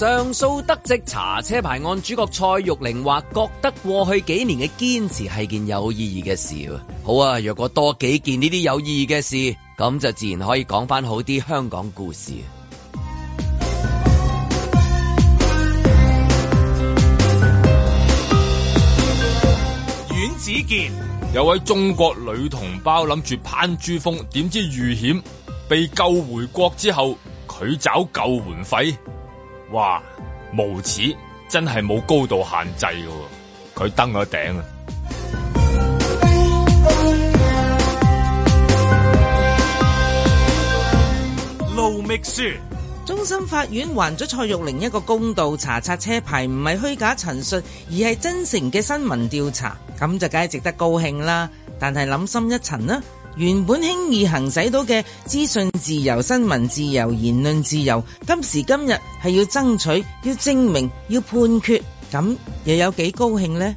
上訴得直查車牌案主角蔡玉玲話覺得過去幾年嘅堅持係件有意義嘅事。好啊，若果多幾件呢啲有意義嘅事，咁就自然可以講翻好啲香港故事。阮子健有位中國女同胞諗住攀珠峰，點知遇險被救回國之後，佢找救援費。哇，無恥真係冇高度限制嘅，佢登咗頂啊！盧覓雪，中心法院還咗蔡玉玲一個公道，查冊車牌唔係虛假陳述，而係真誠嘅新聞調查，咁就梗係值得高興啦。但係諗深一層啦。原本輕易行使到嘅資訊自由、新聞自由、言論自由，今時今日係要爭取、要證明、要判決，咁又有幾高興呢？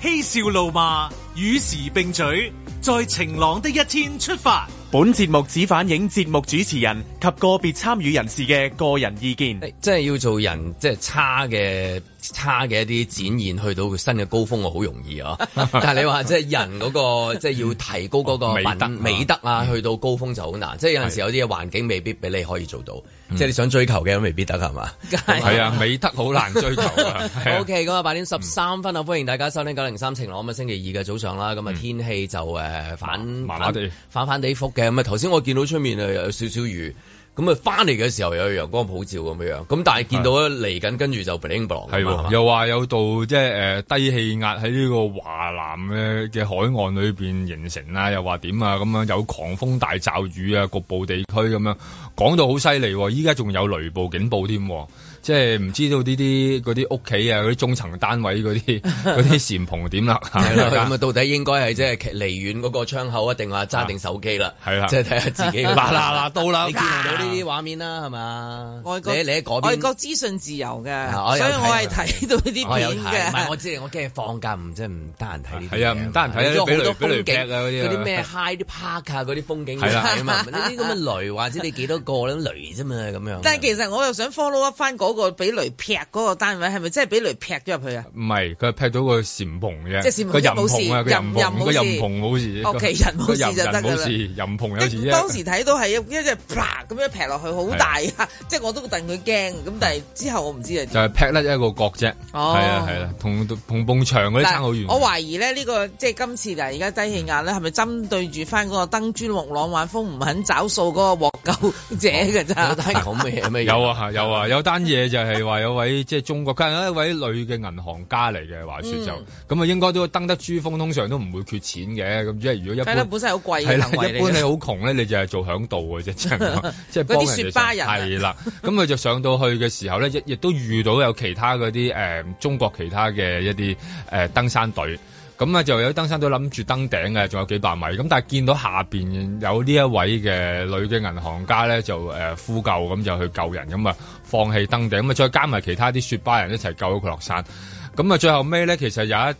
嬉笑怒罵，與時並舉，在晴朗的一天出發。本節目只反映節目主持人及個別參與人士嘅個人意見，即係要做人的的，即係差嘅。差嘅一啲展現去到新嘅高峰，我好容易啊！但係你話即係人嗰個即係要提高嗰個美德美德啊，去到高峰就好難。即係有陣時有啲嘢環境未必俾你可以做到，即係你想追求嘅都未必得，係嘛？係啊，美德好難追求。O K，咁啊，八點十三分啊，歡迎大家收聽九零三晴朗，咁啊，星期二嘅早上啦。咁啊，天氣就誒反反地反反地覆嘅。咁啊，頭先我見到出面啊有少少雨。咁啊，翻嚟嘅時候又有陽光普照咁樣，咁但係見到咧嚟緊，跟住就風風浪，係喎，又話有道即係誒低氣壓喺呢個華南嘅嘅海岸裏邊形成啦，又話點啊咁樣，有狂風大驟雨啊，局部地區咁樣講到好犀利，依家仲有雷暴警報添，即係唔知道呢啲嗰啲屋企啊，嗰啲中層單位嗰啲嗰啲簷篷點啦嚇，咁啊到底應該係即係離遠嗰個窗口啊，定話揸定手機啦，係啦，即係睇下自己。嗱嗱嗱，到啦，啲畫面啦，係嘛？外國外國資訊自由嘅，所以我係睇到啲片嘅。我知，我驚放假唔即係唔得閒睇呢啊，唔得閒睇咗好多俾雷劈啊！嗰啲咩 high 啲 park 啊，嗰啲風景係啲咁嘅雷或者你幾多個咧雷啫嘛咁樣。但係其實我又想 follow 翻嗰個俾雷劈嗰個單位，係咪真係俾雷劈咗入去啊？唔係，佢係劈到個簷篷嘅，個簷篷冇事，個簷篷冇事，屋企人冇事，就得噶啦。當時睇到係一隻啪咁樣。劈落去好大啊！即係我都戥佢驚，咁但係之後我唔知嚟。就係劈甩一個角啫，係啊係啊，同同蹦牆嗰啲差好遠。我懷疑咧呢個即係今次嗱，而家低氣壓咧，係咪針對住翻嗰個登珠穆朗瑪峯唔肯找數嗰個獲救者㗎？咋單講咩嘢咩嘢？有啊有啊，有單嘢就係話有位即係中國間一位女嘅銀行家嚟嘅話説就咁啊，應該都登得珠峰，通常都唔會缺錢嘅。咁即係如果一般本身好貴一般你好窮咧，你就係做響度㗎啫，真係。嗰啲雪巴人係啦，咁佢了 就上到去嘅時候咧，亦亦都遇到有其他嗰啲誒，中國其他嘅一啲誒、呃、登山隊，咁啊就有登山隊諗住登頂嘅，仲有幾百米，咁但係見到下邊有呢一位嘅女嘅銀行家咧，就誒、呃、呼救，咁就去救人，咁啊放棄登頂，咁啊再加埋其他啲雪巴人一齊救咗佢落山，咁啊最後尾咧，其實有一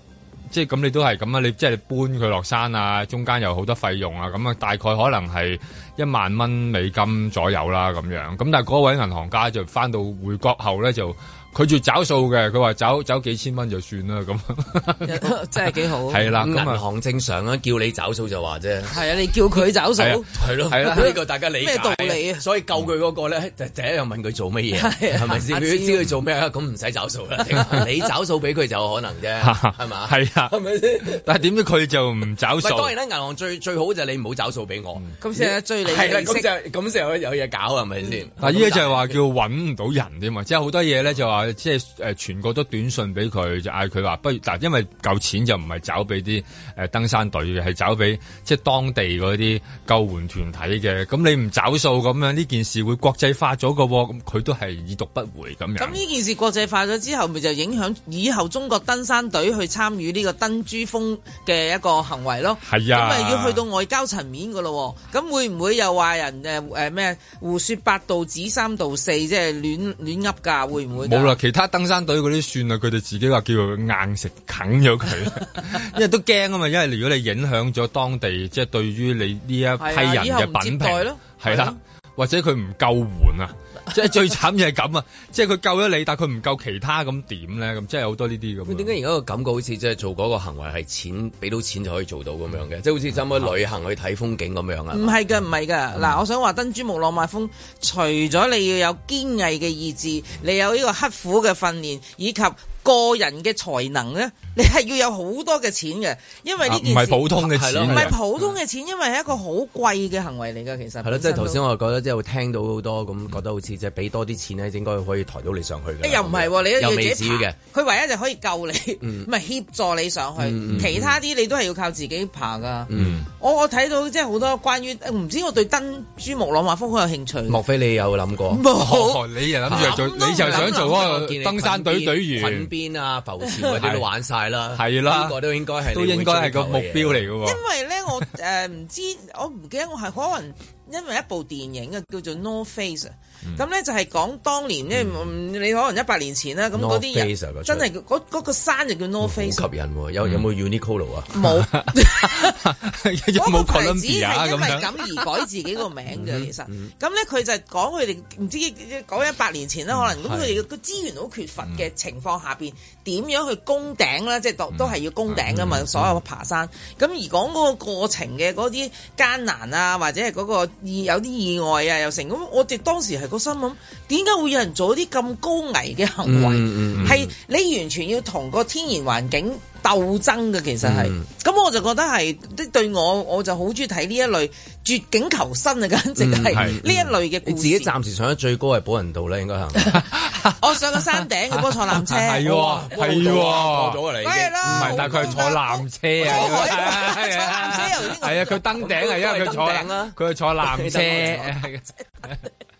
即係咁，你都係咁啊，就是、你即係搬佢落山啊，中間有好多費用啊，咁啊大概可能係。一萬蚊美金左右啦，咁樣咁，但係嗰位銀行家就翻到回國後咧就。佢就找數嘅，佢話找找幾千蚊就算啦咁，真係幾好。係啦，銀行正常啊，叫你找數就話啫。係啊，你叫佢找數，係咯，係啦，呢個大家理解。咩道理啊？所以救佢嗰個咧，就第一樣問佢做乜嘢，係咪先？佢知佢做咩咁唔使找數啦，你找數俾佢就可能啫，係嘛？係啊，係咪先？但係點解佢就唔找數？咪當然啦，銀行最最好就你唔好找數俾我。咁先，追你咁就咁就有嘢搞，係咪先？但係呢個就係話叫搵唔到人啫嘛，即係好多嘢咧就話。即係誒，傳過咗短信俾佢，就嗌佢話不如嗱，因為夠錢就唔係找俾啲誒登山隊嘅，係找俾即係當地嗰啲救援團體嘅。咁你唔找數咁樣，呢件事會國際化咗噶，咁佢都係已讀不回咁樣。咁呢件事國際化咗之後，咪就影響以後中國登山隊去參與呢個登珠峰嘅一個行為咯。係啊，咁啊要去到外交層面噶咯。咁會唔會又話人誒誒咩胡說八道、指三道四，即係亂亂噏噶？會唔會？其他登山隊嗰啲算啦，佢哋自己話叫做硬食啃咗佢， 因為都驚啊嘛，因為如果你影響咗當地，即係對於你呢一批人嘅品評，係啦，啊，啊啊、或者佢唔夠緩啊。 即係最慘就係咁啊！即係佢救咗你，但係佢唔救其他咁點咧咁，即係好多呢啲咁。點解而家個感覺好似即係做嗰個行為係錢，俾到錢就可以做到咁樣嘅？嗯、即係好似差唔多旅行去睇風景咁樣啊？唔係噶，唔係噶。嗱，嗯、我想話登珠穆朗瑪峰，除咗你要有堅毅嘅意志，你有呢個刻苦嘅訓練以及個人嘅才能咧，你係要有好多嘅錢嘅，因為呢件唔係普通嘅錢，唔係普通嘅錢，因為係一個好貴嘅行為嚟噶。其實係咯，即係頭先我覺得即係會聽到好多咁，覺得好似即係俾多啲錢咧，應該可以抬到你上去嘅。又唔係，你又未知嘅，佢唯一就可以救你，唔係協助你上去，其他啲你都係要靠自己爬噶。我我睇到即係好多關於唔知，我對登珠穆朗瑪峰好有興趣。莫非你有諗過？冇，你又諗住你就想做嗰個登山隊隊員。邊啊，浮潛嗰啲都玩晒啦，呢 的個都應該係都應該係個目標嚟嘅喎。因為咧，我誒唔、呃、知，我唔記得，我係可能因為一部電影啊，叫做《No Face》。咁咧就係講當年咧，你可能一百年前啦，咁嗰啲人真係嗰個山就叫 No Face。好吸引有有冇 Unicolour 啊？冇。我冇佢只係因為咁而改自己個名嘅，其實。咁咧佢就係講佢哋唔知講一百年前啦，可能咁佢哋個資源好缺乏嘅情況下邊，點樣去攻頂咧？即係都都係要攻頂噶嘛，所有爬山。咁而講嗰個過程嘅嗰啲艱難啊，或者係嗰個有啲意外啊又成。咁我哋當時係。個心諗，點解會有人做啲咁高危嘅行為？係你完全要同個天然環境鬥爭嘅，其實係。咁我就覺得係，啲對我我就好中意睇呢一類絕境求生啊，簡直係呢一類嘅故事。你自己暫時上咗最高係寶雲道啦，應該係。我上個山頂，我坐纜車。係係過咗啊你，唔係，但係佢係坐纜車啊，坐係啊，佢登頂係因為佢坐纜啦，佢係坐纜車。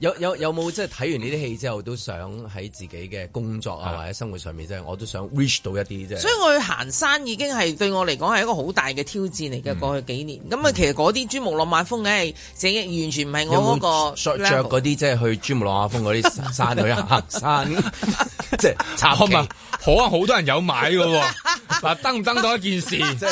有有有冇即係睇完呢啲戲之後都想喺自己嘅工作啊或者生活上面即係我都想 reach 到一啲即係，所以我去行山已經係對我嚟講係一個好大嘅挑戰嚟嘅。過去幾年咁啊，嗯嗯、其實嗰啲珠穆朗瑪峰嘅，即係完全唔係我嗰沒個着嗰啲即係去珠穆朗瑪峰嗰啲衫去行山，即、就、係、是、插旗。好啊，好多人有買嘅、啊，嗱 登唔登到一件事，即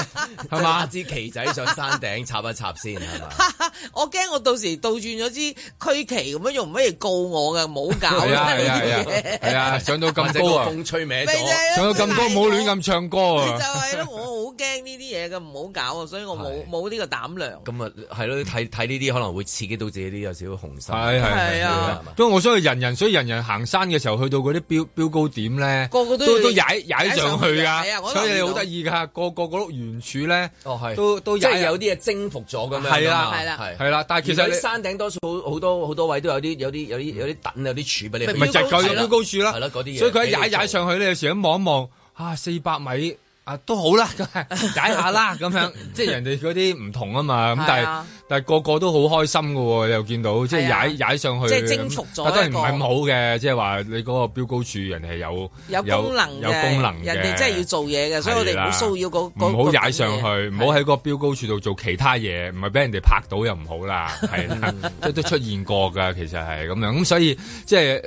係嘛支旗仔上山頂插一插先係嘛？ 我驚我到時倒轉咗支區旗咁樣。用咩告我嘅？唔好搞！係啊係啊係啊！上到咁高啊！吹歪咗，上到咁高唔好亂咁唱歌啊！就係咯，我好驚呢啲嘢嘅，唔好搞啊！所以我冇冇呢個膽量。咁啊，係咯，睇睇呢啲可能會刺激到自己啲有少少紅腫。係係係啊！因為我相信人人，所以人人行山嘅時候，去到嗰啲標標高點咧，個個都都踩踩上去啊！所以你好得意㗎，個個嗰碌原柱咧，哦係，都都有啲嘢征服咗咁樣。係啦係啦係啦！但係其實山頂多數好多好多位都有。啲有啲有啲有啲等有啲柱俾你，唔係就係佢入高處啦，係咯嗰啲嘢。所以佢一踩踩上去咧，你你有時看一望一望，啊四百米啊都好啦，解 下啦咁樣。 即係人哋嗰啲唔同啊嘛，咁 但係是。但係個個都好開心嘅，哦，又見到，啊，即係踩踩上去，即係征服咗，但係當然唔係冇嘅，即係話你嗰個標高柱人哋係有有功能嘅，有功能人哋真係要做嘢嘅，的所以我哋唔好騷擾嗰嗰唔好踩上去，唔好喺嗰個標高柱度做其他嘢，唔係俾人哋拍到又唔好啦，係都 出現過噶，其實係咁樣，咁、 嗯、所以即係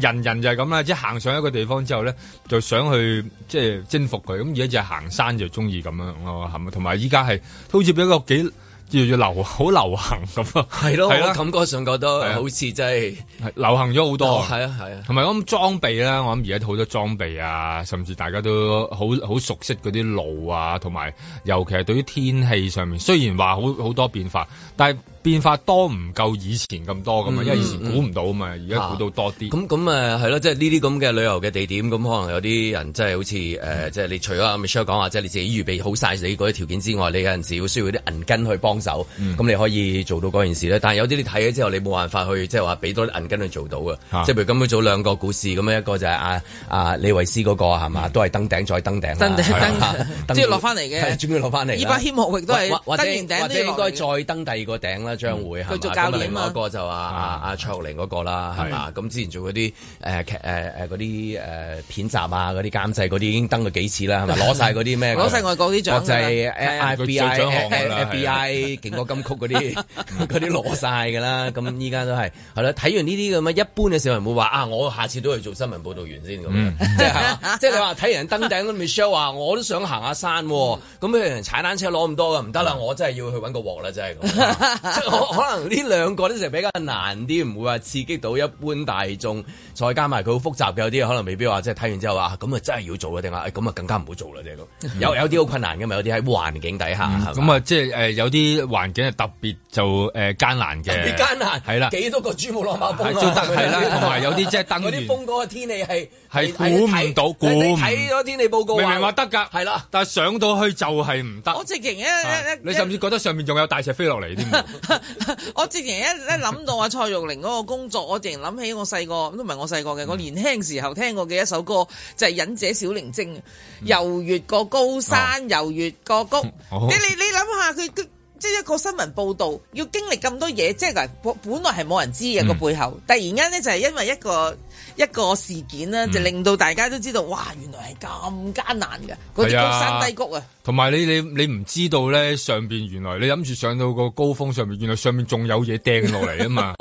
人人就係咁啦，即係行上一個地方之後咧，就想去即係征服佢，咁而家就係行山就中意咁樣咯，係咪？同埋依家係好似俾一個幾。要要流好流行咁啊，係咯的，係咯 的，感覺上覺得好似真係流行咗好多，係啊係啊，同埋咁裝備啦，我諗而家好多裝備啊，甚至大家都好好熟悉嗰啲路啊，同埋尤其係對於天氣上面，雖然話好好多變化，但係。變化多唔夠以前咁多咁嘛？因為以前估唔到嘛，而家估到多啲。咁咁誒係咯，即係呢啲咁嘅旅遊嘅地點，咁可能有啲人即係好似誒，即係你除咗阿 Michelle 講話，即係你自己預備好曬你嗰啲條件之外，你有陣時會需要啲銀根去幫手。咁你可以做到嗰件事咧，但係有啲你睇咗之後，你冇辦法去即係話俾多啲銀根去做到嘅。即係譬如今日早兩個股市咁樣，一個就係阿阿李維斯嗰個係嘛，都係登頂再登頂。登即係落翻嚟嘅。終於落翻嚟。而家希望亦都係登完頂都應該再登第二個頂啦。將會係嘛，咁啊另一個就話阿阿卓玲嗰個啦，係嘛，咁之前做嗰啲誒劇誒誒嗰啲誒片集啊，嗰啲監製嗰啲已經登過幾次啦，係咪？攞晒嗰啲咩？攞晒外國啲獎，國際 FBI FBI 勁歌金曲嗰啲嗰啲攞晒噶啦，咁依家都係係啦，睇完呢啲咁嘅一般嘅市民會話啊，我下次都去做新聞報道員先咁，即係即係你話睇人登頂嗰個 Michelle 話，我都想行下山，咁有人踩單車攞咁多唔得啦，我真係要去揾個鑊啦，真係。可能呢兩個都成比較難啲，唔會話刺激到一般大眾。再加埋佢好複雜嘅，有啲可能未必話，即係睇完之後話咁啊，真係要做嘅定話，誒咁啊，更加唔好做啦，即係有有啲好困難嘅嘛，有啲喺環境底下，咁啊，即係誒有啲環境係特別就誒艱難嘅。幾艱難係啦，幾多個珠穆朗瑪峰啊，都得係啦。同埋有啲即係等嗰啲風嗰個天氣係係估唔到，估唔到。睇咗天氣報告，明明話得㗎，係啦，但係上到去就係唔得。我直情一一，你甚至覺得上面仲有大石飛落嚟添。我直情一一諗到啊蔡玉玲嗰個工作，我直情諗起我細個都唔係細個嘅，我年輕時候聽過嘅一首歌就係、是《忍者小靈精》，又越過高山，又、oh. 越過谷，oh. 你你你諗下佢。一個新聞報道要經歷咁多嘢，即係本本來係冇人知嘅個、嗯、背後，突然間咧就係因為一個一個事件啦，嗯、就令到大家都知道，哇！原來係咁艱難嘅嗰啲高山低谷啊。同埋你你你唔知道咧，上邊原來你諗住上到個高峰上面，原來上面仲有嘢掟落嚟啊嘛！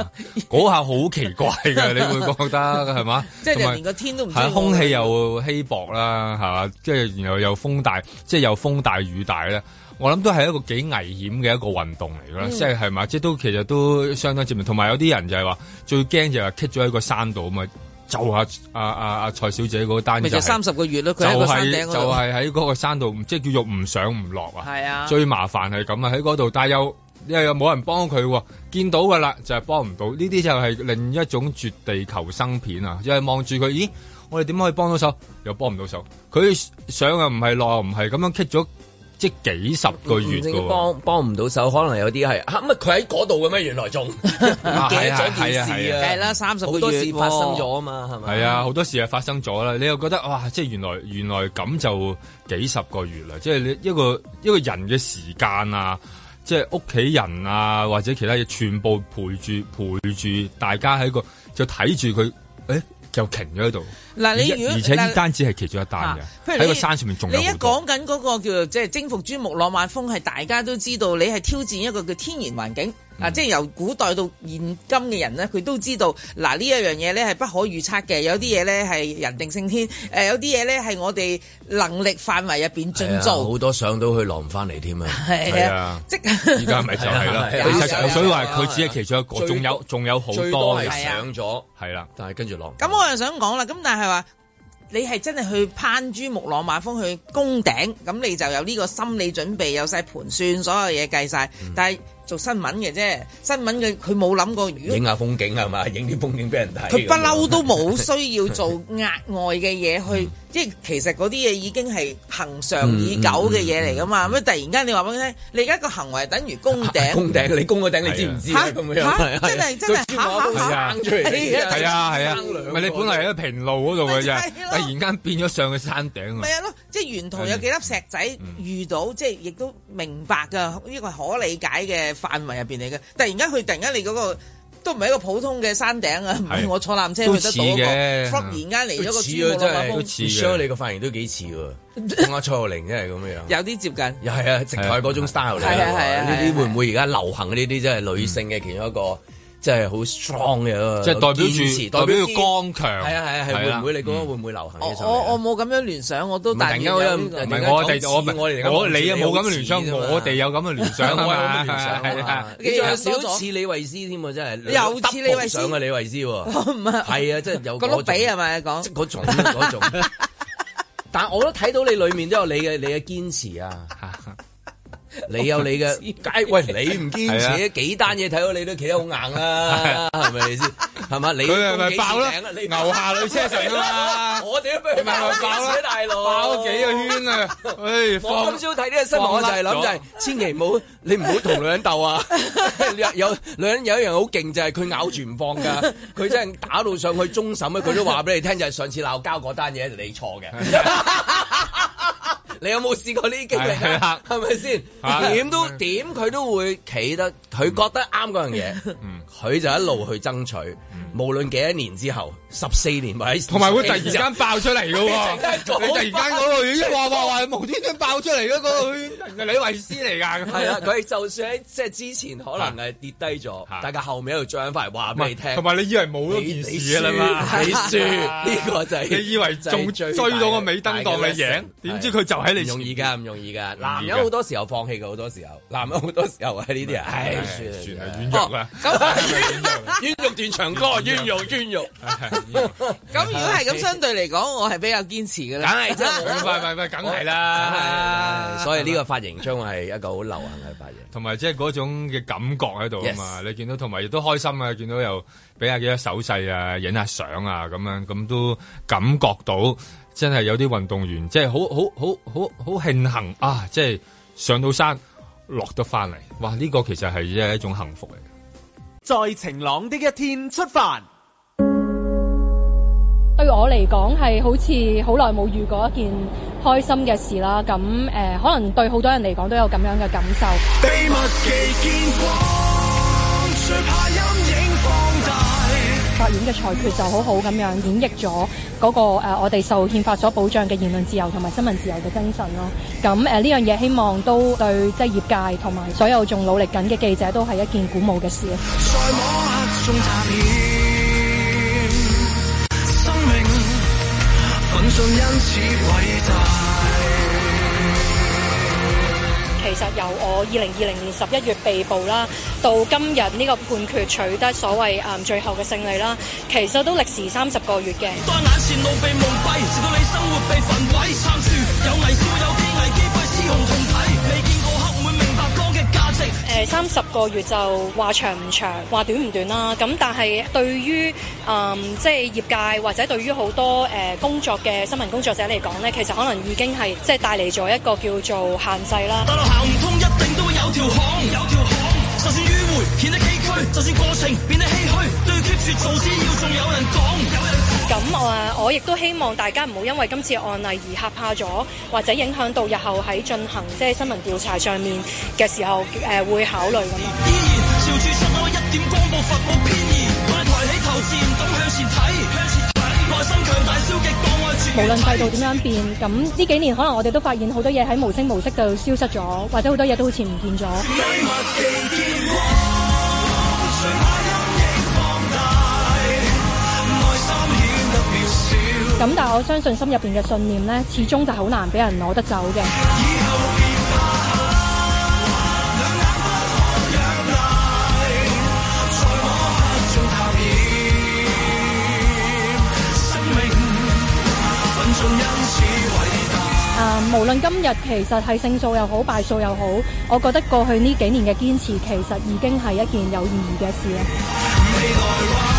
嗰下好奇怪嘅，你會覺得係嘛？即係連個天都唔，係空氣又稀薄啦，係嘛？即係然後又風大，即係又風大雨大咧。我諗都係一個幾危險嘅一個運動嚟噶啦，即係係嘛，即係都其實都相當致命。同埋有啲人就係話最驚就係跌咗喺個山度啊嘛，就下阿阿阿蔡小姐嗰單，就是，就三、是、十個月咯，佢就係喺嗰個山度，即係叫做唔上唔落啊。係啊，最麻煩係咁啊，喺嗰度，但係又又冇人幫佢，見到噶啦，就係幫唔到。呢啲就係另一種絕地求生片啊，因為望住佢，咦，我哋點可以幫到手？又幫唔到手，佢上又唔係，落又唔係，咁樣跌咗。即幾十個月嘅喎，幫幫唔到手，可能有啲係，咁啊佢喺嗰度嘅咩？原來仲 記咗件事啊，係啦、 啊，啊啊啊、三十個月好多事發生咗啊嘛，係咪？係啊，好多事啊發生咗啦，你又覺得哇！即原來原來咁就幾十個月啦，即係你一個一個人嘅時間啊，即係屋企人啊，或者其他嘢全部陪住陪住大家喺個就睇住佢，誒、欸。就停咗喺度。嗱，你如果而且呢單只係其中一單嘅，喺、啊、個山上面仲有好多。你一講緊嗰個叫做即係征服珠穆朗瑪峰，係大家都知道，你係挑戰一個叫天然環境。嗱，即係由古代到現今嘅人咧，佢都知道，嗱呢一樣嘢咧係不可預測嘅，有啲嘢咧係人定勝天，誒有啲嘢咧係我哋能力範圍入邊盡做，好多上到去落唔翻嚟添啊！係啊，即係而家咪就係咯，所以話佢只係其中一個，仲有仲有好多係上咗，係啦，但係跟住落。咁我又想講啦，咁但係話你係真係去攀珠穆朗瑪峰去攻頂，咁你就有呢個心理準備，有晒盤算，所有嘢計晒。但係。做新聞嘅啫，新聞嘅佢冇諗過。影下風景係嘛，影啲風景俾人睇。佢不嬲都冇需要做額外嘅嘢去。 嗯即係其實嗰啲嘢已經係恒常已久嘅嘢嚟㗎嘛，咁突然間你話俾佢聽，你而家個行為等於攻頂，攻頂你攻個頂你知唔知？嚇嚇，真係真係，嚇嚇行出嚟，係啊係啊，唔係你本來喺平路嗰度嘅啫，突然間變咗上去山頂啊！咪係咯，即係沿途有幾粒石仔遇到，即係亦都明白㗎，呢個係可理解嘅範圍入邊嚟嘅。突然間佢突然間你嗰個。都唔係一個普通嘅山頂啊！唔係我坐纜車去得到，忽然間嚟咗個朱古力，唔 share 你個髮型都幾似喎，我錯零真係咁樣，有啲接近，又係啊，直係嗰種 style 嚟，呢啲會唔會而家流行呢啲即係女性嘅其中一個？即係好 strong 嘅，即係代表住，代表要剛強。係啊係啊係，會唔會你覺得會唔會流行？我我冇咁樣聯想，我都突然間我我我我你冇咁樣聯想，我哋有咁嘅聯想啊嘛，係啊係啊，有少似李慧詩添啊，真係有似李慧詩啊，李慧詩喎，唔係係啊，即係有比筆係咪講？即嗰嗰種，但係我都睇到你裡面都有你嘅你嘅堅持啊。你有你嘅，喂，你唔堅持幾單嘢睇到你都企得好硬啦，係咪先？係嘛？你，係咪爆咧？你牛下女車神啊嘛！我屌佢！咪爆啦，大佬！爆幾個圈啊！我今朝睇呢啲新聞，我就係諗就係千祈唔好，你唔好同女人鬥啊！有女人有一樣好勁就係佢咬住唔放㗎，佢真係打到上去終審咧，佢都話俾你聽就係上次鬧交嗰單嘢你錯嘅。你有冇試過呢啲嘅經歷？係咪先？點都點佢 都會企得，佢覺得啱嗰樣嘢，佢 就一路去爭取， 無論幾多年之後。十四年，同埋會突然間爆出嚟嘅喎，你突然間嗰個一話話話無端端爆出嚟嗰個係李慧詩嚟㗎。係啊，佢就算喺即係之前可能係跌低咗，但係後尾喺度再翻嚟話俾你聽。同埋你以為冇咗件事啊嘛？你輸呢個就係你以為追到個尾燈當你贏，點知佢就喺你面前。容易㗎，唔容易㗎。男人好多時候放棄嘅，好多時候男人好多時候係呢啲啊。算算係軟弱啦。軟弱，軟弱，斷咁 Yeah. 如果係咁， 相對嚟講，我係比較堅持㗎喇。梗係真，唔係唔係唔係，梗係啦。所以呢個髮型將會係一個好流行嘅髮型，同埋即係嗰種嘅感覺喺度啊嘛。Yes. 你見到，同埋亦都開心啊！見到又畀下幾多手勢啊，影下相啊，咁樣咁都感覺到真係有啲運動員即係好好好好好慶幸啊！即係上到山，落得翻嚟，哇！呢、這個其實係真係一種幸福嚟嘅。在晴朗的一天出發。對我嚟講係好似好耐冇遇過一件開心嘅事啦，咁誒、呃、可能對好多人嚟講都有咁樣嘅感受。秘密期見光，最怕陰影放大？法院嘅裁決就好好咁樣演繹咗嗰、那個誒、呃、我哋受憲法所保障嘅言論自由同埋新聞自由嘅精神咯，咁誒呢樣嘢希望都對即係、就是、業界同埋所有仲努力緊嘅記者都係一件鼓舞嘅事。因此大，其實由我二零二零年十一月被捕啦，到今日呢個判決取得所謂最後嘅勝利啦，其實都歷時三十個月嘅。誒三十個月就話長唔長，話短唔短啦。咁但係對於啊、呃，即係業界或者對於好多誒、呃、工作嘅新聞工作者嚟講咧，其實可能已經係即係帶嚟咗一個叫做限制啦。大陸行唔通，一定都會有條巷；有條巷就算迂迴，變得崎嶇就算過程變得唏噓對都要繼續做。只要仲有人講，有人講咁，我啊，我亦都希望大家唔好因為今次案例而吓怕咗，或者影響到日後喺進行即係、就是、新聞調查上面嘅時候誒、呃，會考慮咁。無論制度點樣變，咁呢幾年可能我哋都發現好多嘢喺無聲無息度消失咗，或者好多嘢都好似唔見咗。 咁，但我相信心入邊嘅信念呢，始終就係好難俾人攞得走嘅。啊，無論今日其實係勝訴又好，敗訴又好，我覺得過去呢幾年嘅堅持，其實已經係一件有意義嘅事。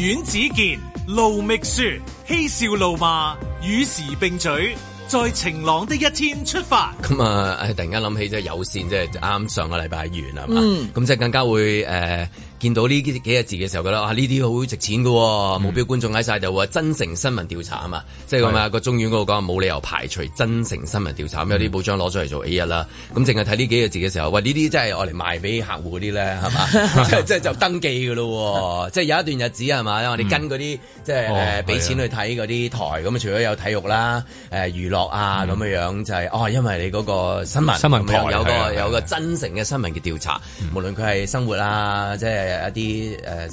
阮子健盧覓雪嬉笑怒罵與時並舉，在晴朗的一天出發。咁啊、嗯，突然間諗起即係有線，即係啱上個禮拜完啦嘛。咁即係更加會誒。呃見到呢幾個字嘅時候，覺得啊呢啲好值錢嘅喎，目標觀眾喺晒就話真誠新聞調查啊嘛，即係咁啊個中院嗰度講冇理由排除真誠新聞調查，咁有啲報章攞咗嚟做 A 一啦，咁淨係睇呢幾個字嘅時候，喂呢啲真係我嚟賣俾客戶嗰啲咧，係嘛？即係就登記嘅咯，即係有一段日子係嘛？我哋跟嗰啲即係誒俾錢去睇嗰啲台，咁除咗有體育啦，誒娛樂啊咁嘅樣就係哦，因為你嗰個新聞新聞台有個有個真誠嘅新聞嘅調查，無論佢係生活啊，即係。誒，一啲誒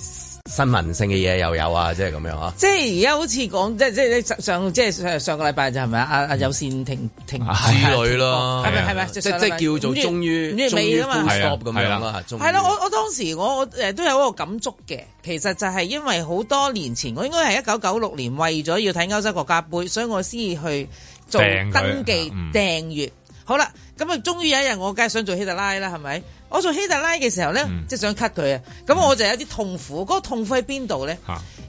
新聞性嘅嘢，又有啊，即係咁樣啊！即係而家好似講，即係即係上即係上個禮拜就係咪啊？阿有線停停之類咯，係咪係咪？即係即係叫做終於終於 stop 咁樣啦，係係咯！我我當時我誒都有一個感觸嘅，其實就係因為好多年前，我應該係一九九六年為咗要睇歐洲國家杯，所以我先去做登記訂閱。好啦，咁啊，終於有一日我梗係想做希特拉啦，係咪？我做希特拉嘅時候咧，嗯、即係想 cut 佢啊，咁我就有啲痛苦。嗰、嗯、個痛苦喺邊度咧？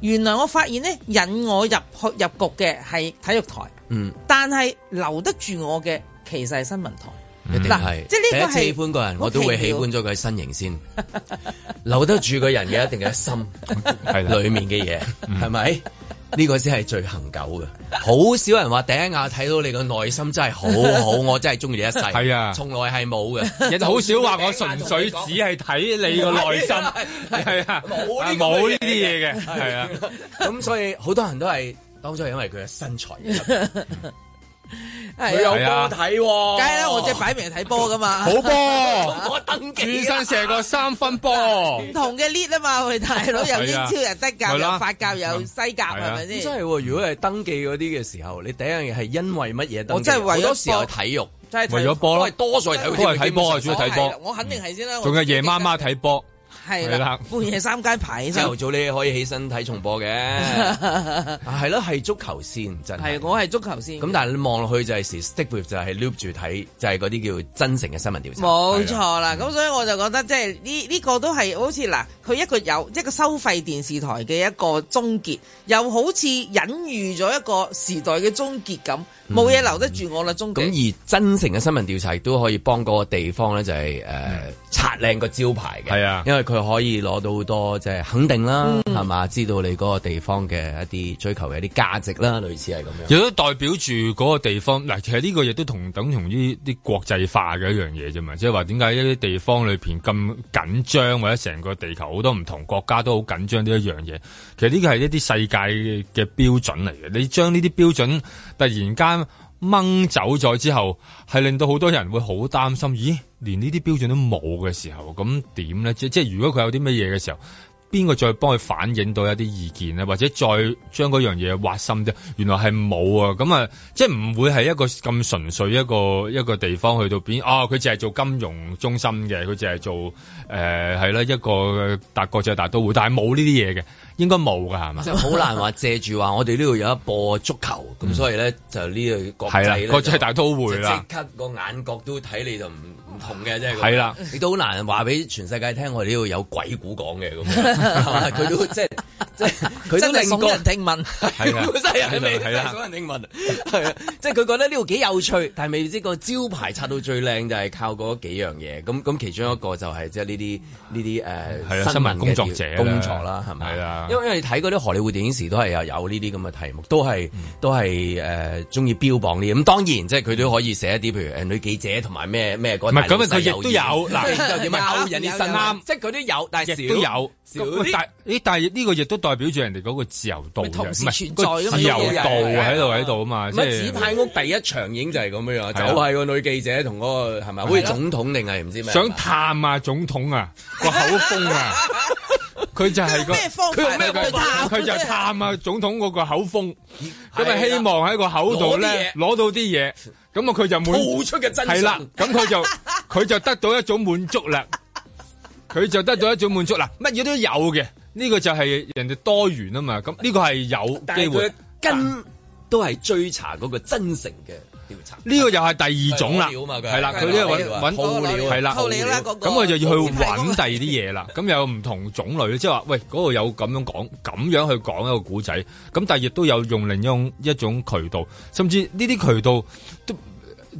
原來我發現咧，引我入去入局嘅係體育台，嗯，但係留得住我嘅，其實係新聞台。一係、嗯，嘍即係呢個係。第一，喜歡個人，我都會喜歡咗佢嘅身形先。 留得住個人嘅，一定係心，係裏面嘅嘢，係咪？呢個先係最恒久嘅，好少人話第一眼睇到你個內心真係好好，我真係中意你一世。係 啊，從來係冇嘅，其實好少話我純粹只係睇你個內心，係啊，冇呢啲嘢嘅，係 是啊，咁 所以好多人都係當初因為佢嘅身材。 佢有波睇，梗係啦！我即係擺明睇波噶嘛，好波我登記轉身射個三分波，唔同嘅 league 啊嘛，我哋大佬有英超，有德甲，有法甲，有西甲，係咪先？真係，如果係登記嗰啲嘅時候，你第一樣嘢係因為乜嘢登記？我真係為咗時去體育，真係為咗波咯，多數睇波，多係睇波啊，主要睇波。我肯定係先啦，仲有夜媽媽睇波。係啦，半夜三更排。朝頭 早你可以起身睇重播嘅，係咯、 啊，係足球先真係。我係足球先。咁但係你望落去就係，時 stick with 就係 loop 住睇，就係嗰啲叫真誠嘅新聞調查。冇錯啦，咁了、嗯、所以我就覺得即係呢呢個都係好似嗱，佢一個有一個收費電視台嘅一個終結，又好似隱喻咗一個時代嘅終結咁。冇嘢留得住我啦，終極咁而真誠嘅新聞調查亦都可以幫個地方咧、就是，就係誒擦靚個招牌嘅，係啊，因為佢可以攞到好多即係、就是、肯定啦，係嘛、嗯，知道你個地方嘅一啲追求嘅一啲價值啦，類似係咁樣，亦都代表住個地方。嗱、就是，其實呢個亦都同等同於啲國際化嘅一樣嘢啫嘛，即係話點解一啲地方裏邊咁緊張，或者成個地球好多唔同國家都好緊張呢一樣嘢？其實呢個係一啲世界嘅標準嚟嘅。你將呢啲標準突然間，掹走咗之後，係令到好多人會好擔心。咦，連呢啲標準都冇嘅時候，咁點咧？即即係如果佢有啲乜嘢嘅時候，邊個再幫佢反映到一啲意見咧？或者再將嗰樣嘢挖深啲？原來係冇啊！咁啊，即係唔會係一個咁純粹一個一個地方去到邊哦，佢淨係做金融中心嘅，佢淨係做誒係啦，一個大國際大都會，但係冇呢啲嘢嘅。應該冇㗎，係嘛？即係好難話借住話，我哋呢度有一播足球，咁 所以咧就呢個國際大都會啦，即刻個眼角都睇你就唔。同嘅即係係啦，你都好難話俾全世界聽，我哋呢度有鬼故講嘅咁。佢都即係即係，佢真令到人聽聞，係啊，係啦，係啦，令人聽聞，係啊，即係佢覺得呢度幾有趣，但係未知個招牌拆到最靚就係靠嗰幾樣嘢。咁咁，其中一個就係即係呢啲呢啲誒新聞工作者工作啦，係咪？係啊，因為因為睇嗰啲荷里活電影時都係有呢啲咁嘅題目，都係都係誒中意標榜啲。咁。當然即係佢都可以寫一啲譬如女記者同埋咩咩咁啊，佢亦都有嗱，點啊？啲啱，即係佢都有，但係亦都有，但係呢？但係呢個亦都代表住人哋嗰個自由度嘅，唔係個自由度喺度喺度啊嘛！咩？紙牌屋第一場影就係咁樣樣，就係個女記者同個係咪好似總統定係唔知咩？想探下總統啊個口風啊，佢就係個佢用咩去探？佢就探下總統嗰個口風，咁啊希望喺個口度咧攞到啲嘢。咁啊佢就滿足出嘅真係啦，咁佢就佢就得到一種滿足啦，佢 就得到一種滿足啦，乜嘢都有嘅，呢、這個就係人哋多元啊嘛，咁呢個係有機會，但根但都係追查個真誠嘅。呢個又係第二種啦，係啦的，佢呢個揾到料，係啦，咁我就要去揾第二啲嘢啦。咁 有唔同種類，即係話，喂，嗰度有咁樣講，咁樣去講一個古仔，咁但係亦都有用另一種一種渠道，甚至呢啲渠道都。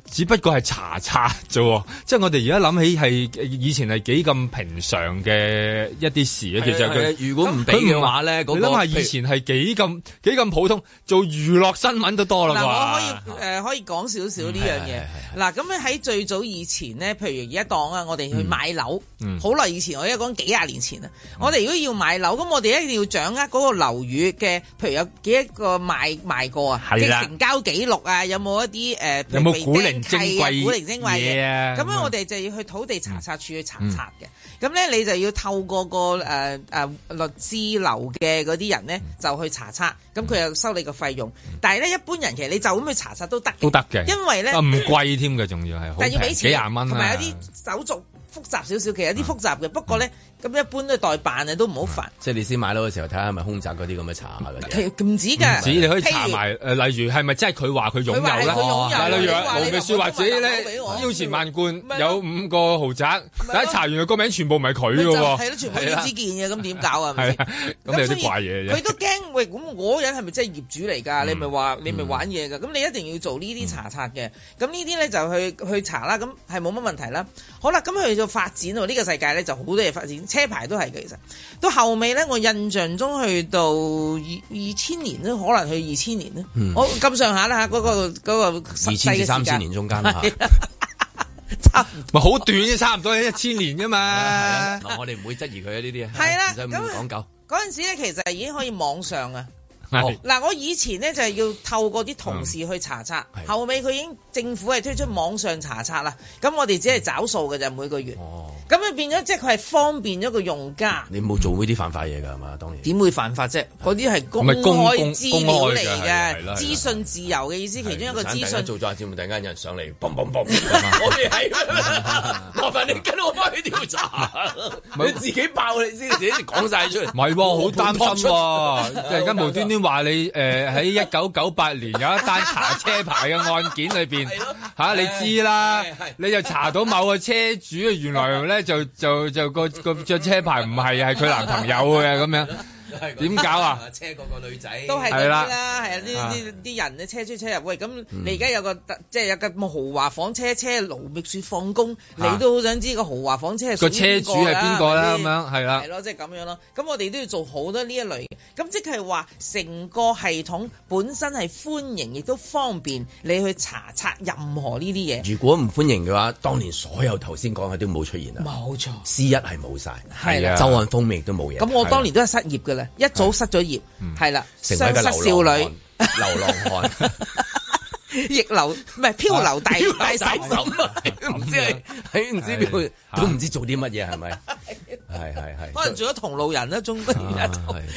只不過係查查啫，即係我哋而家諗起係以前係幾咁平常嘅一啲事啊。其實佢如果唔俾嘅話咧，嗰個諗下以前係幾咁幾咁普通做娛樂新聞都多啦。嗱，我可以誒可以講少少呢樣嘢。嗱，咁喺最早以前呢，譬如而家當啊，我哋去買樓，好耐以前，我而家講幾廿年前啊。我哋如果要買樓，咁我哋一定要掌握嗰個樓宇嘅，譬如有幾一個賣賣過啊，即係成交記錄啊，有冇一啲誒，有冇珍古靈精怪嘅，咁樣我哋就要去土地查冊處去查冊嘅。咁咧、嗯，你就要透過個誒誒、呃呃、律師樓嘅嗰啲人咧，就去查冊。咁佢又收你個費用。但係咧，一般人其實你就咁去查冊都得，都得嘅。因為咧唔貴添嘅，仲、啊、要係，但要俾錢，幾廿蚊同埋有啲手續複雜少少其實嘅，有啲複雜嘅。嗯、不過咧。嗯咁一般都代辦，啊，都唔好煩。即係你先買樓嘅時候睇下係咪空宅嗰啲咁嘅查下啦。唔止㗎，唔止你可以查埋誒，例如係咪真係佢話佢擁有咧？例如豪美説或者腰纏萬貫，有五個豪宅，一查完個名全部唔係佢咯喎。係咯，全部都唔知嘅，咁點搞啊？咁有啲怪嘢。佢都驚喂，咁我人係咪真係業主嚟㗎？你咪話你咪玩嘢㗎？咁你一定要做呢啲查冊嘅。咁呢啲咧就去去查啦。咁係冇乜問題啦。好啦，咁佢要發展喎，呢個世界咧就好多嘢發展。車牌都係嘅，其實到後尾咧，我印象中去到二二千年都可能去二千年咧，我咁上下啦吓，嗰個嗰個二千至三千年中間啦吓，差唔好短，差唔多一千年㗎嘛。我哋唔會質疑佢呢啲，真係唔講究。嗰陣時咧，其實已經可以網上啊。 嗱，我以前咧就係要透過啲同事去查冊，後尾佢已經政府係推出網上查冊啦。咁我哋只係找數嘅啫，每個月。咁啊變咗，即係佢係方便咗個用家。你冇做呢啲犯法嘢噶嘛？當然。點會犯法啫？嗰啲係公開資料嚟嘅，資訊自由嘅意思，其中一個資訊。做咗節目，突然間有人上嚟，嘣嘣嘣，我哋係，麻煩你跟我翻去調查？你自己爆你先，自己講晒出嚟。唔係，好擔心，突然間無端端。話你誒喺一九九八年有一單查車牌嘅案件裏邊嚇，你知啦，的你就查到某個車主 原來咧就就就，就個個著車牌唔係，係佢男朋友嘅，咁 樣。點搞啊？車個個女仔都係嗰啲啦，係啊，呢啲啲人咧車出車入喂，咁你而家有個即係有個豪華房車車勞秘書放工，你都好想知個豪華房車個車主係邊個啦？咁樣係啦，係咯，即係咁樣咯。咁我哋都要做好多呢一類。咁即係話成個系統本身係歡迎，亦都方便你去查冊任何呢啲嘢。如果唔歡迎嘅話，當年所有頭先講嘅都冇出現啊。冇錯，C 一係冇晒，係周案封面都冇嘢。咁我當年都係失業嘅咧。一早失咗業，係啦，失、嗯、失少女，流浪漢。 逆流唔係漂流，大大手神唔知係，係唔知邊個都唔知做啲乜嘢係咪？係係係。可能做咗同路人啦，中間。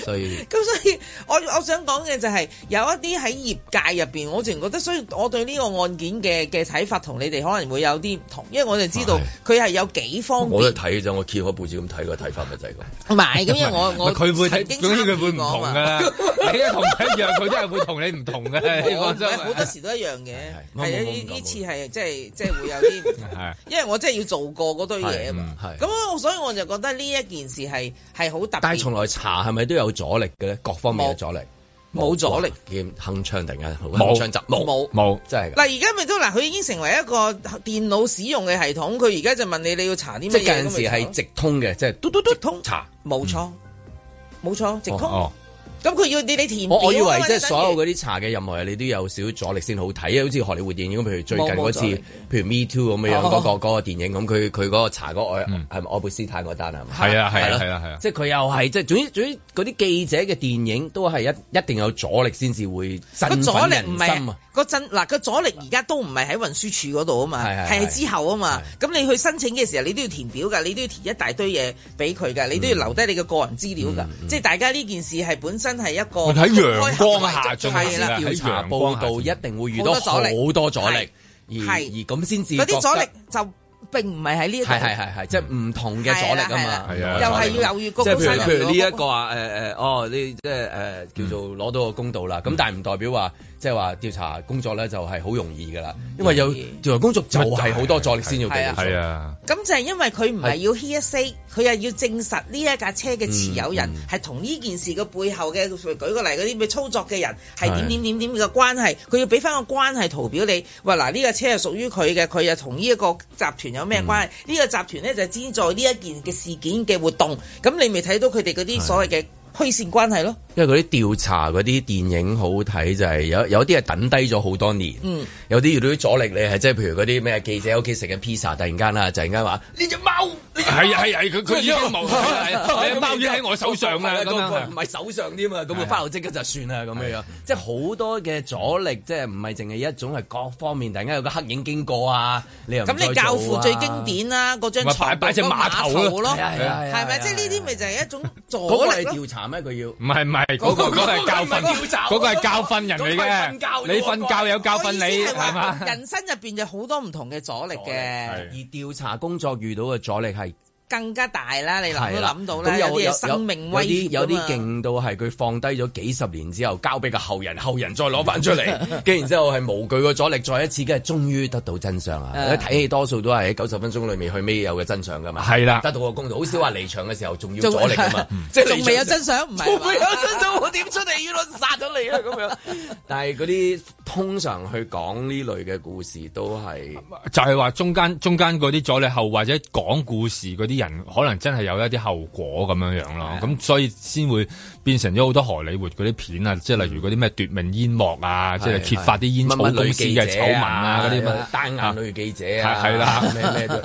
所以咁所以，我我想講嘅就係有一啲喺業界入邊，我淨覺得，所以我對呢個案件嘅嘅睇法同你哋可能會有啲唔同，因為我就知道佢係有幾方面。我都睇咗，我揭開報紙咁睇個睇法咪就係咁。同埋，咁因為我我佢會睇，總之佢會唔同噶，你同佢一樣，佢都係會同你唔同嘅。好多時都一樣。樣嘅，係啊！呢次係即係即係會有啲唔同，因為我真係要做過嗰堆嘢嘛。咁所以我就覺得呢一件事係係好特別。但係從來查係咪都有阻力嘅咧？各方面嘅阻力，冇阻力，冇阻力，冇恒昌定啊，冇唱執，冇冇，真係。嗱，而家咪都嗱，佢已經成為一個電腦使用嘅系統，佢而家就問你你要查啲咩嘢咁啊？即係嗰陣時係直通嘅，即係嘟嘟嘟直通查，冇錯，冇錯，直通。咁佢要你你填表，我以為即係所有嗰啲查嘅任何嘢，你都有少少阻力先好睇啊！好似荷里活電影，譬如最近嗰次，譬如 Me Too 咁樣嗰個嗰個電影咁，佢佢嗰個查嗰個係咪愛貝斯坦嗰單係咪？係啊係啦係啦，即係佢又係即係總之總之嗰啲記者嘅電影都係一一定有阻力先至會。個阻力唔係個陣嗱，個阻力而家都唔係喺運輸署嗰度啊嘛，係係之後啊嘛。咁你去申請嘅時候，你都要填表噶，你都要填一大堆嘢俾佢噶，你都要留低你嘅個人資料噶。即係大家呢件事係本身。真係一個喺陽光下進行嘅調查報道一定會遇到好多阻力，而而咁先至嗰啲阻力就並唔係喺呢一度，係係係係，即係唔同嘅阻力啊嘛，係啊，又係要有遇個。即係譬如譬如呢一個啊，誒誒，哦，你即係誒叫做攞到個公道啦，咁但係唔代表話。即係話調查工作咧，就係好容易嘅啦，因為有調查工作就係好多阻力先要做。係啊，咁就係因為佢唔係要 hear say 佢又要證實呢一架車嘅持有人係同呢件事嘅背後嘅，舉舉個例嗰啲咩操作嘅人係點點點點嘅關係，佢的要俾翻個關係圖表你。喂，嗱，呢架車係屬於佢嘅，佢又同呢一個集團有咩關係？呢的個集團咧就係資助呢一件嘅事件嘅活動。咁的你咪睇到佢哋嗰啲所謂嘅虛線關係咯。即係嗰啲調查嗰啲電影好睇，就係有有啲係等低咗好多年，有啲遇到啲阻力，你係即係譬如嗰啲咩記者喺屋企食緊披薩，突然間啦，突然間話：呢隻貓係啊係啊係！佢佢依個貓係貓依喺我手上啊，咁樣，唔係手上添嘛，咁啊花落即刻就算啦，咁樣樣。即係好多嘅阻力，即係唔係淨係一種，係各方面突然間有個黑影經過啊，你又咁你教父最經典啦，嗰張床擺隻馬頭咯，係咪即係呢啲咪就係一種阻力？調查咩？佢要唔係唔係？嗰、嗰個、嗰個係、嗰個、教訓，嗰、嗰個係教訓人嚟嘅，你瞓覺乖有教訓你，係嘛？吧人生入邊有好多唔同嘅阻力嘅，力而調查工作遇到嘅阻力係更加大啦！你諗都諗到啦的，有啲生命威脅有啲有啲勁到係佢放低咗幾十年之後，交俾個後人，後人再攞翻出嚟，跟 然之後係無懼個阻力，再一次嘅，終於得到真相啊！睇戲的多數都係喺九十分鐘裏面去尾有嘅真相噶嘛，係啦的，得到個公道。好少話離場嘅時候仲要阻力啊嘛，還即係仲未有真相，唔係，唔會有真相，我點出嚟？要來殺咗你啊！咁樣， 但係嗰啲。通常去講呢類嘅故事都係，就係話中間中間嗰啲阻力後或者講故事嗰啲人，可能真係有一啲後果咁樣樣咯。咁所以先會變成咗好多荷里活嗰啲片啊，即係例如嗰啲咩奪命煙幕啊，即係揭發啲煙草公司嘅醜聞啊，啲乜單眼女記者啊，係啦，咩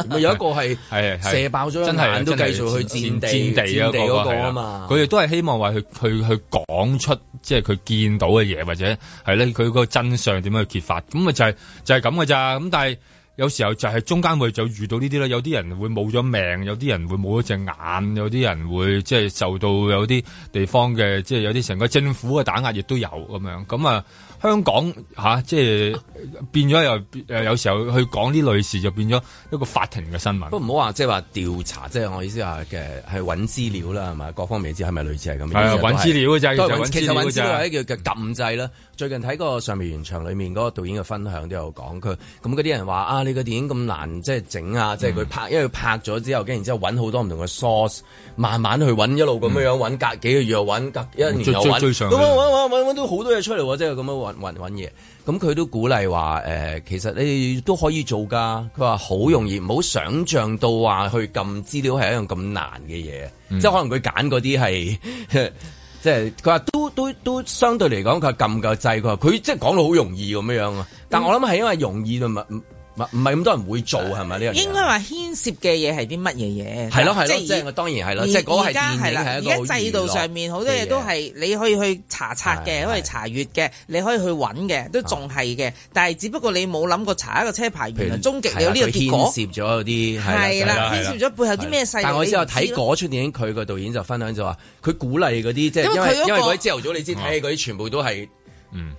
咩，有一個係射爆咗眼都繼續去戰地嗰個啊嘛。佢哋都係希望話去去去講出即係佢見到嘅嘢，或者係咧佢個真。上點樣去揭發？咁咪就係、是、就係咁嘅咋？咁但係有時候就係中間會就遇到呢啲啦。有啲人會冇咗命，有啲人會冇咗隻眼，有啲人會即係受到有啲地方嘅即係有啲成個政府嘅打壓，亦都有咁樣。咁、嗯、啊，香港吓、啊，即係變咗又有，有時候去講啲類事就變咗一個法庭嘅新聞。都唔好話即係話調查，即、就、係、是、我意思話嘅係揾資料啦，係咪各方面知係咪類似係咁？係啊的，揾資料嘅啫。其實揾資料係叫嘅禁制啦。最近睇過上面原場裏面嗰個導演嘅分享都有講佢，咁嗰啲人話啊，你個電影咁難即係整啊，嗯、即係佢拍，因為拍咗之後，跟然之後揾好多唔同嘅 source，慢慢去揾一路咁樣樣揾，隔、嗯、幾個月揾，隔一年又揾，咁樣揾揾揾到好多嘢出嚟喎，即係咁樣揾嘢。咁佢都鼓勵話誒、呃，其實你都可以做㗎。佢話好容易，唔好、嗯、想象到話去撳資料係一樣咁難嘅嘢，嗯、即係可能佢揀嗰啲係。 即係佢話都都都相對嚟講，佢係撳夠掣，佢話佢即係講到好容易咁樣樣啊！但我諗係因為容易啊嘛。嗯唔唔係咁多人會做係咪呢樣嘢？應該話牽涉嘅嘢係啲乜嘢嘢？係咯係咯，即係當然係啦，即係嗰係而家制度上面好多嘢都係你可以去查冊嘅，可以查閲嘅，你可以去揾嘅，都仲係嘅。但係只不過你冇諗過查一個車牌，原來終極有呢個結果。佢牽涉咗嗰啲係啦，牽涉咗背後啲咩細。但我之後睇嗰出電影，佢個導演就分享就話，佢鼓勵嗰啲即係因為因為嗰啲朝頭早你知睇戲嗰啲全部都係。 嗯，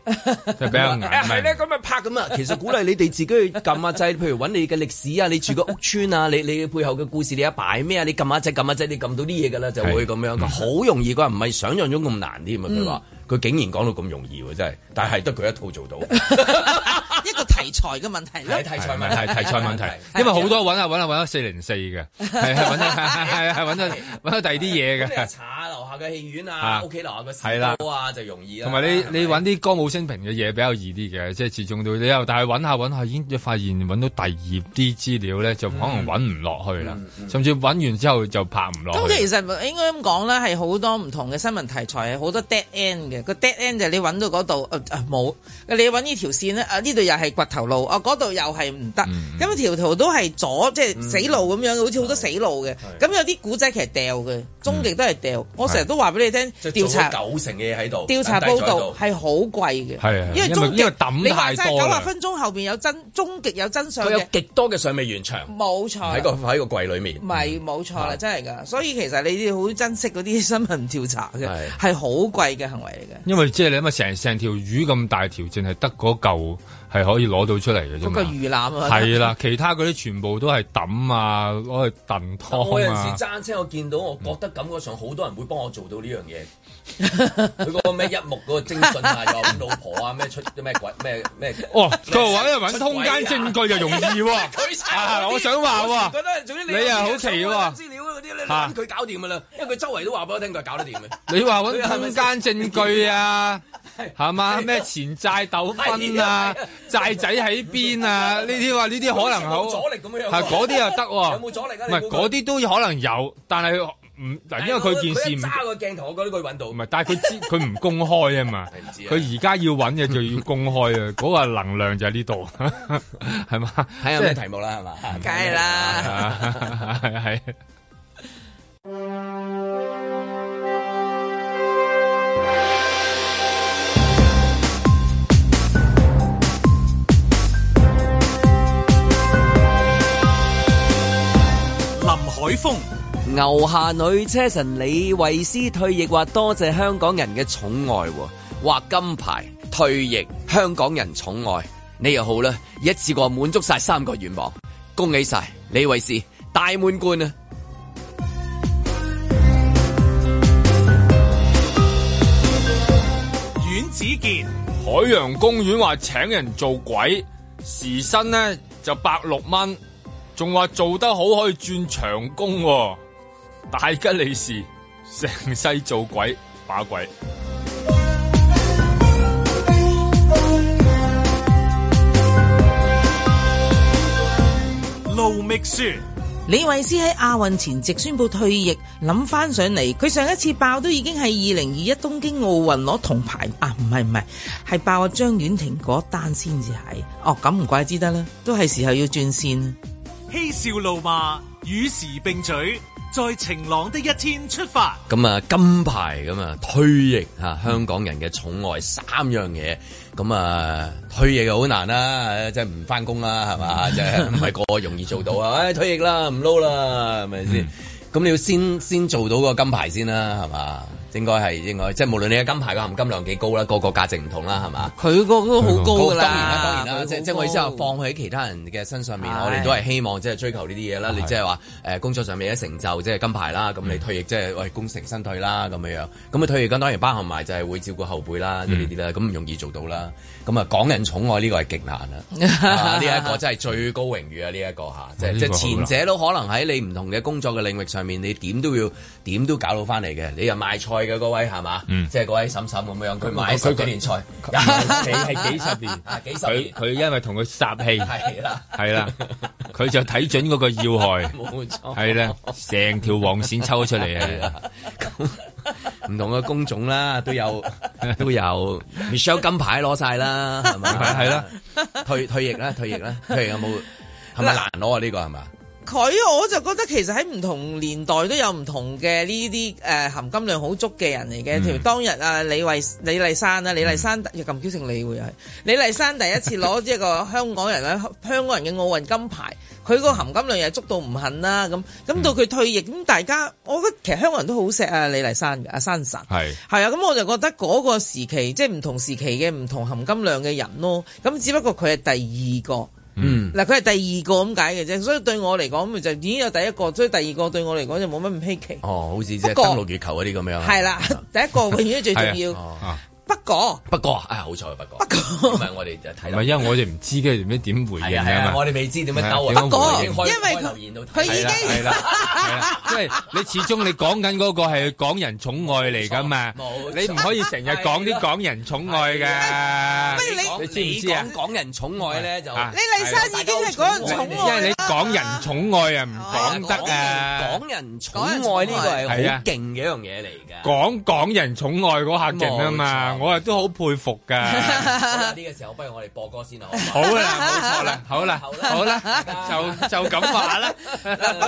就比較難。係咧，今日拍咁啊， 其實鼓勵你哋自己去撳下掣，即係譬如揾你嘅歷史啊，你住個屋村啊，你你背後嘅故事你一擺咩啊，你撳下掣撳下掣你撳到啲嘢噶啦，就會咁樣。好的、嗯、容易，唔係想象中咁難啲嘛。佢話佢竟然講到咁容易，真係，但係得佢一套做到。 一個題材嘅問題咧，係題材，係題材問題，因為好多揾下揾下揾到四零四嘅，係係揾下係係係揾下揾到第二啲嘢嘅。 嘅戲院啊，屋企樓下嘅士多啊，就容易。同埋你你揾啲歌舞升平嘅嘢比較易啲嘅，即係始終到你又但係揾下揾下已經發現揾到第二啲資料咧，就可能揾唔落去啦。甚至揾完之後就拍唔落。咁其實應該咁講啦，係好多唔同嘅新聞題材係好多 dead end 嘅。個 dead end 就你揾到嗰度，冇，你揾呢條線呢，呢度又係掘頭路，嗰度又係唔得，咁條條都係左，即係死路咁樣，好似好多死路嘅。咁有啲古仔其實掉嘅，終極都係掉。我成都話俾你聽，調查九成嘅嘢喺度，調查報導係好貴嘅，的因為終極因為你話真係九十分鐘後邊有真終極有真相，有極多嘅水未完場，冇錯喺個喺個櫃裏面，唔係冇錯啦，真係噶，所以其實你哋好珍惜嗰啲新聞調查嘅，係好貴嘅行為嚟嘅，因為即係你諗下，成成條魚咁大條，淨係得嗰嚿。係可以攞到出嚟嘅啫，個魚腩啊，係啦，其他嗰啲全部都係抌啊，攞去燉湯啊。我有陣時揸車，我見到我覺得感覺上好多人會幫我做到呢樣嘢。佢嗰個咩一目嗰個徵信啊，又老婆啊咩出咩鬼咩咩，哦，佢搵又搵通奸證據就容易喎。啊，我想話喎，覺得，你你好奇喎，資料啲揾佢搞掂噶啦，因為佢周圍都話俾我聽，佢搞得掂嘅。你話揾通奸證據啊？係嘛咩？前債鬥分啊，債仔喺邊啊？呢啲話呢啲可能好，阻力咁樣係嗰啲又得。有冇阻力？唔係嗰啲都可能有，但係唔嗱，因為佢件事唔揸個鏡頭，我覺得佢搵到。唔係，但係佢知佢唔公開啊嘛。佢而家要搵嘅就要公開啊，嗰個能量就喺呢度，係嘛？睇下咩題目啦，係嘛？梗係啦，係係。牛下女車神李慧詩退役，話多謝香港人嘅寵愛，話金牌退役香港人寵愛，你又好啦，一次過滿足晒三個願望，恭喜晒李慧詩大滿貫啊！阮子健海洋公園話請人做鬼時薪呢，就百六蚊。仲話做得好可以轉長工，大吉利是，成世做鬼，把鬼路。蜜雪，李慧詩喺亞運前夕宣布退役，諗翻上嚟佢上一次爆都已經係二零二一東京奧運攞銅牌啊，唔係唔係係爆啊，張婉婷嗰單先至係哦，咁唔怪之得啦，都係時候要轉線。嬉笑怒罵與時並舉，在晴朗的一天出發。咁啊，金牌咁啊，退役吓、啊、香港人嘅寵愛三樣嘢。咁啊，退役又好難啦、啊啊，即係唔翻工啦，係嘛，即係唔係個容易做到啊？唉、 哎，退役啦，唔撈啦，係咪先？咁 你要先先做到個金牌先啦、啊，係嘛？應該係應該，即係無論你嘅金牌嘅含金量幾高啦，個個價值唔同啦，係嘛？佢個都好高㗎啦，的當然啦，當然啦，即即係我意思話放去喺其他人嘅身上面，唉我哋都係希望即係追求呢啲嘢啦。唉你即係話誒工作上面嘅成就，即係金牌啦，咁你退役、嗯、即係喂功成身退啦，咁樣樣。咁啊退役咁當然包含埋就係會照顧後輩啦呢啲啦，咁唔、嗯、容易做到啦。咁啊，港人寵愛呢、這個係極難啦，呢一 個真係最高榮譽啊！呢、這、一個嚇，即即哇前者都可能喺你唔同嘅工作嘅領域上面，你點都要點都搞到翻嚟嘅。你又賣菜嘅嗰位係嘛？即係嗰位嬸嬸咁樣，佢賣十幾年菜，佢係、嗯、幾十年啊佢因為同佢殺氣係啦係啦，佢就睇準嗰個要害，係啦 錯，成條黃線抽出嚟 啊！是唔同嘅工種啦，都有 都有，Michelle 金牌攞晒啦，係嘛？係啦， 退退役啦，退役啦，退役有冇係咪難攞啊？呢、這個係嘛？佢我就覺得其實喺唔同年代都有唔同嘅呢啲誒，含金量好足嘅人嚟嘅，嗯、譬如當日啊李慧李麗珊啊，李麗珊又咁嬌成你喎，又係李麗珊第一次攞一個香港人嘅 香港人嘅奧運金牌，佢個含金量又捉到唔肯啦，咁，咁到佢退役咁，嗯、大家我覺得其實香港人都好錫啊李麗珊嘅阿珊神，係是啊，咁我就覺得嗰個時期即係唔同時期嘅唔同含金量嘅人咯，咁只不過佢係第二個。嗯，嗱，佢係第二個咁解嘅啫，所以對我嚟講，咪就已經有第一個，所以第二個對我嚟講就冇乜咁稀奇。哦，好似即係登陸月球嗰啲咁樣。係啦，第一個永遠 最重要。 不過不過啊，唉，好彩，不過不過，唔係我哋就睇，唔係因為我哋唔知佢點點回應啊嘛，我哋未知點樣兜啊。不過因為佢已經，係啦，係啦，係啦，因為你始終你講緊嗰個係港人寵愛嚟噶嘛，你唔可以成日講啲港人寵愛嘅。你你知唔知啊？講港人寵愛咧就，你李麗珊已經係港人寵愛，因為你講港人寵愛啊唔講得啊，港人寵愛呢個係好勁嘅一樣嘢嚟噶，講港人寵愛嗰刻勁啊嘛。我啊都好佩服噶，呢個時候不如我哋播歌先咯。好啦，冇錯啦，好啦，好啦，就就咁話啦。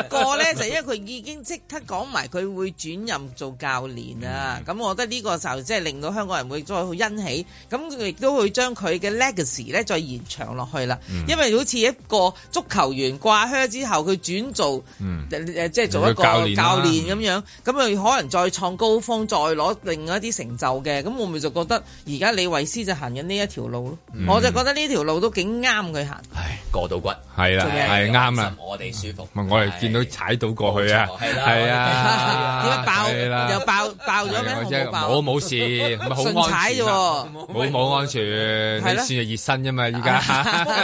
不過咧，就因為佢已經即刻講埋佢會轉任做教練啦。咁我覺得呢個時候即係令到香港人會再好欣喜，咁亦都會將佢嘅 legacy 咧再延長落去啦。因為好似一個足球員掛靴之後，佢轉做誒即係做一個教練咁樣，咁佢可能再創高峰，再攞另外一啲成就嘅。咁我咪就。覺得而家李維斯就行緊呢一條路咯，我就覺得呢條路都幾啱佢行。唉，過到骨，係啦，係啱啦。我哋舒服，我哋見到踩到過去啊，係啊，點解爆又爆爆咗咩？我冇事，順踩啫喎，冇冇安全，係啦，先係熱身啫嘛，依家。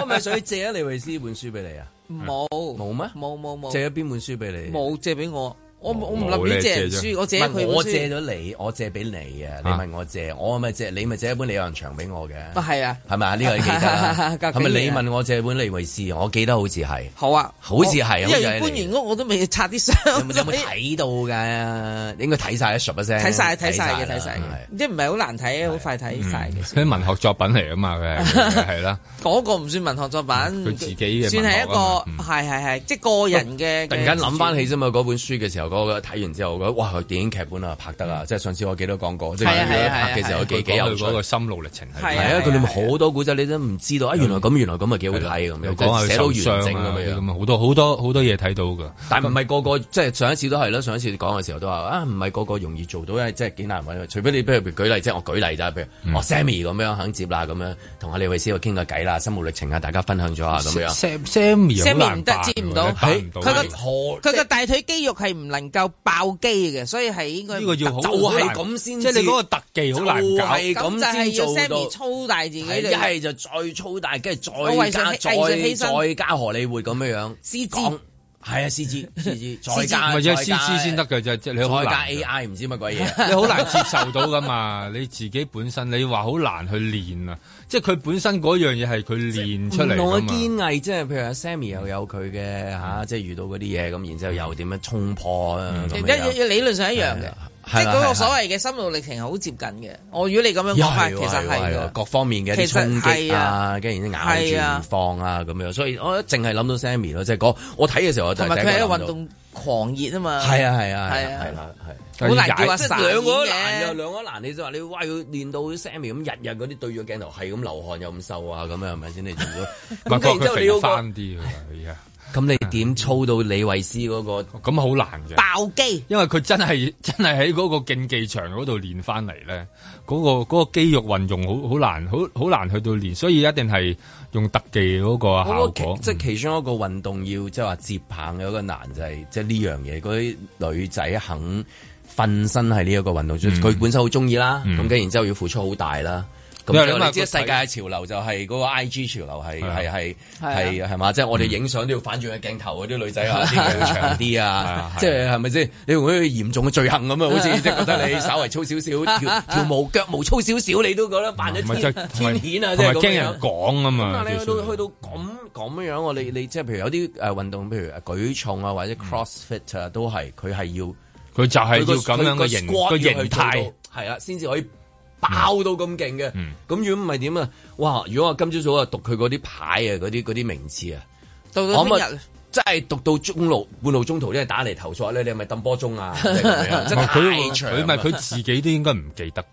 我咪所以借咗李維斯本書俾你啊，冇冇咩？冇冇冇借咗邊本書俾你？冇借俾我。我冇冇諗住借人書，我借佢。我借咗你，我借俾你啊！你問我借，我咪借，你咪借一本。李有人長俾我嘅，係啊，係咪啊？呢個係啊，係咪你問我借本李維斯啊？我記得好似係，好啊，好似係，因為搬完屋我都未拆啲箱，有冇睇到嘅？應該睇晒啦，唰一聲，睇晒睇晒嘅睇晒，即唔係好難睇，好快睇晒。佢啲文學作品嚟噶嘛？佢係啦，嗰個唔算文學作品，佢自己嘅算係一個係係係，即係個人嘅。突然間諗翻起啫嘛，嗰本書嘅時候。嗰睇完之後，嗰哇電影劇本啊，拍得啊！即係上次我記都講過，即係佢拍嘅時候都幾幾有個心路歷程係。係啊，佢哋好多古仔你都唔知道啊，原來咁，原來咁，咪幾好睇咁樣，寫到完整咁樣好多好多好多嘢睇到噶。但唔係個個即係上一次都係啦，上一次講嘅時候都話啊，唔係個個容易做到，因為即係幾難揾。除非你譬如舉例，即係我舉例咋，譬如我 Sammy 咁樣肯接啦，咁樣同阿李慧詩我傾個偈啦，心路歷程啊，大家分享咗下咁樣。Sammy，Sammy 唔得，接唔到，佢佢個大腿肌肉係唔能。能夠爆機嘅，所以係應該就係咁先。即係你嗰個特技好難搞，就係咁先做到。粗大自己，一係就再粗大，跟住再加再再加荷里活咁樣樣。cg 係啊，c g c g 再加，或者 cg 先得嘅，就即係你可以加 A I 唔知乜鬼嘢，你好難接受到噶嘛？你自己本身你話好難去練啊。即係佢本身嗰樣嘢係佢練出嚟嘅，唔同嘅堅毅。即係譬如阿 Sammy 又有佢嘅嚇，即係遇到嗰啲嘢咁，然之後又點樣衝破啊？其實理論上一樣嘅，即係嗰個所謂嘅心路歷程係好接近嘅。我如果你咁樣講，其實係各方面嘅衝擊啊，跟住咬住唔放啊咁樣。所以我淨係諗到 Sammy 咯，即係我睇嘅時候我就同佢喺運動。狂熱嘛 啊嘛，係啊係啊係啊係啦係，好難解曬嘅，也兩個難又的兩個難，你就話你話佢練到 Sammy 咁日日嗰啲對住鏡頭係咁流汗又咁瘦啊咁樣，係咪先你做咗？咁跟住之後你又肥翻啲啊，係啊！ 咁你點操到李慧詩嗰個？咁好難嘅，爆肌。因為佢真係真係喺嗰個競技場嗰度練翻嚟咧，嗰個嗰個肌肉運用好好難，好好難去到練，所以一定係用特技嗰個效果。嗯、即係其中一個運動要即係話接棒嘅一個難就係、是、即係呢樣嘢，嗰啲女仔肯瞓身係呢一個運動，佢、嗯、本身好中意啦，咁、嗯、然之後要付出好大啦。咁啊！你知世界嘅潮流就係嗰個 I G 潮流，係係係係係嘛？即係我哋影相都要反轉嘅鏡頭，嗰啲女仔啊，啲腳長啲啊，即係係咪先？你會唔會嚴重嘅罪行咁啊？好似即係覺得你稍微粗少少，條條毛腳毛粗少少，你都覺得犯咗天天譴啊！即係驚人講啊嘛！你去到去到咁咁樣，我你你即係譬如有啲誒運動，譬如舉重啊，或者 CrossFit 啊，都係佢係要佢就係要咁樣嘅形個形態係啦，先至可以。爆到咁勁嘅，咁、嗯、如果唔係點啊？哇！如果今我今朝早啊讀佢嗰啲牌啊，嗰啲啲名字啊，到咗邊日真係讀到中路半路中途咧打嚟投訴咧，你係咪揼波鐘啊？真係長，佢咪佢自己都應該唔記得㗎。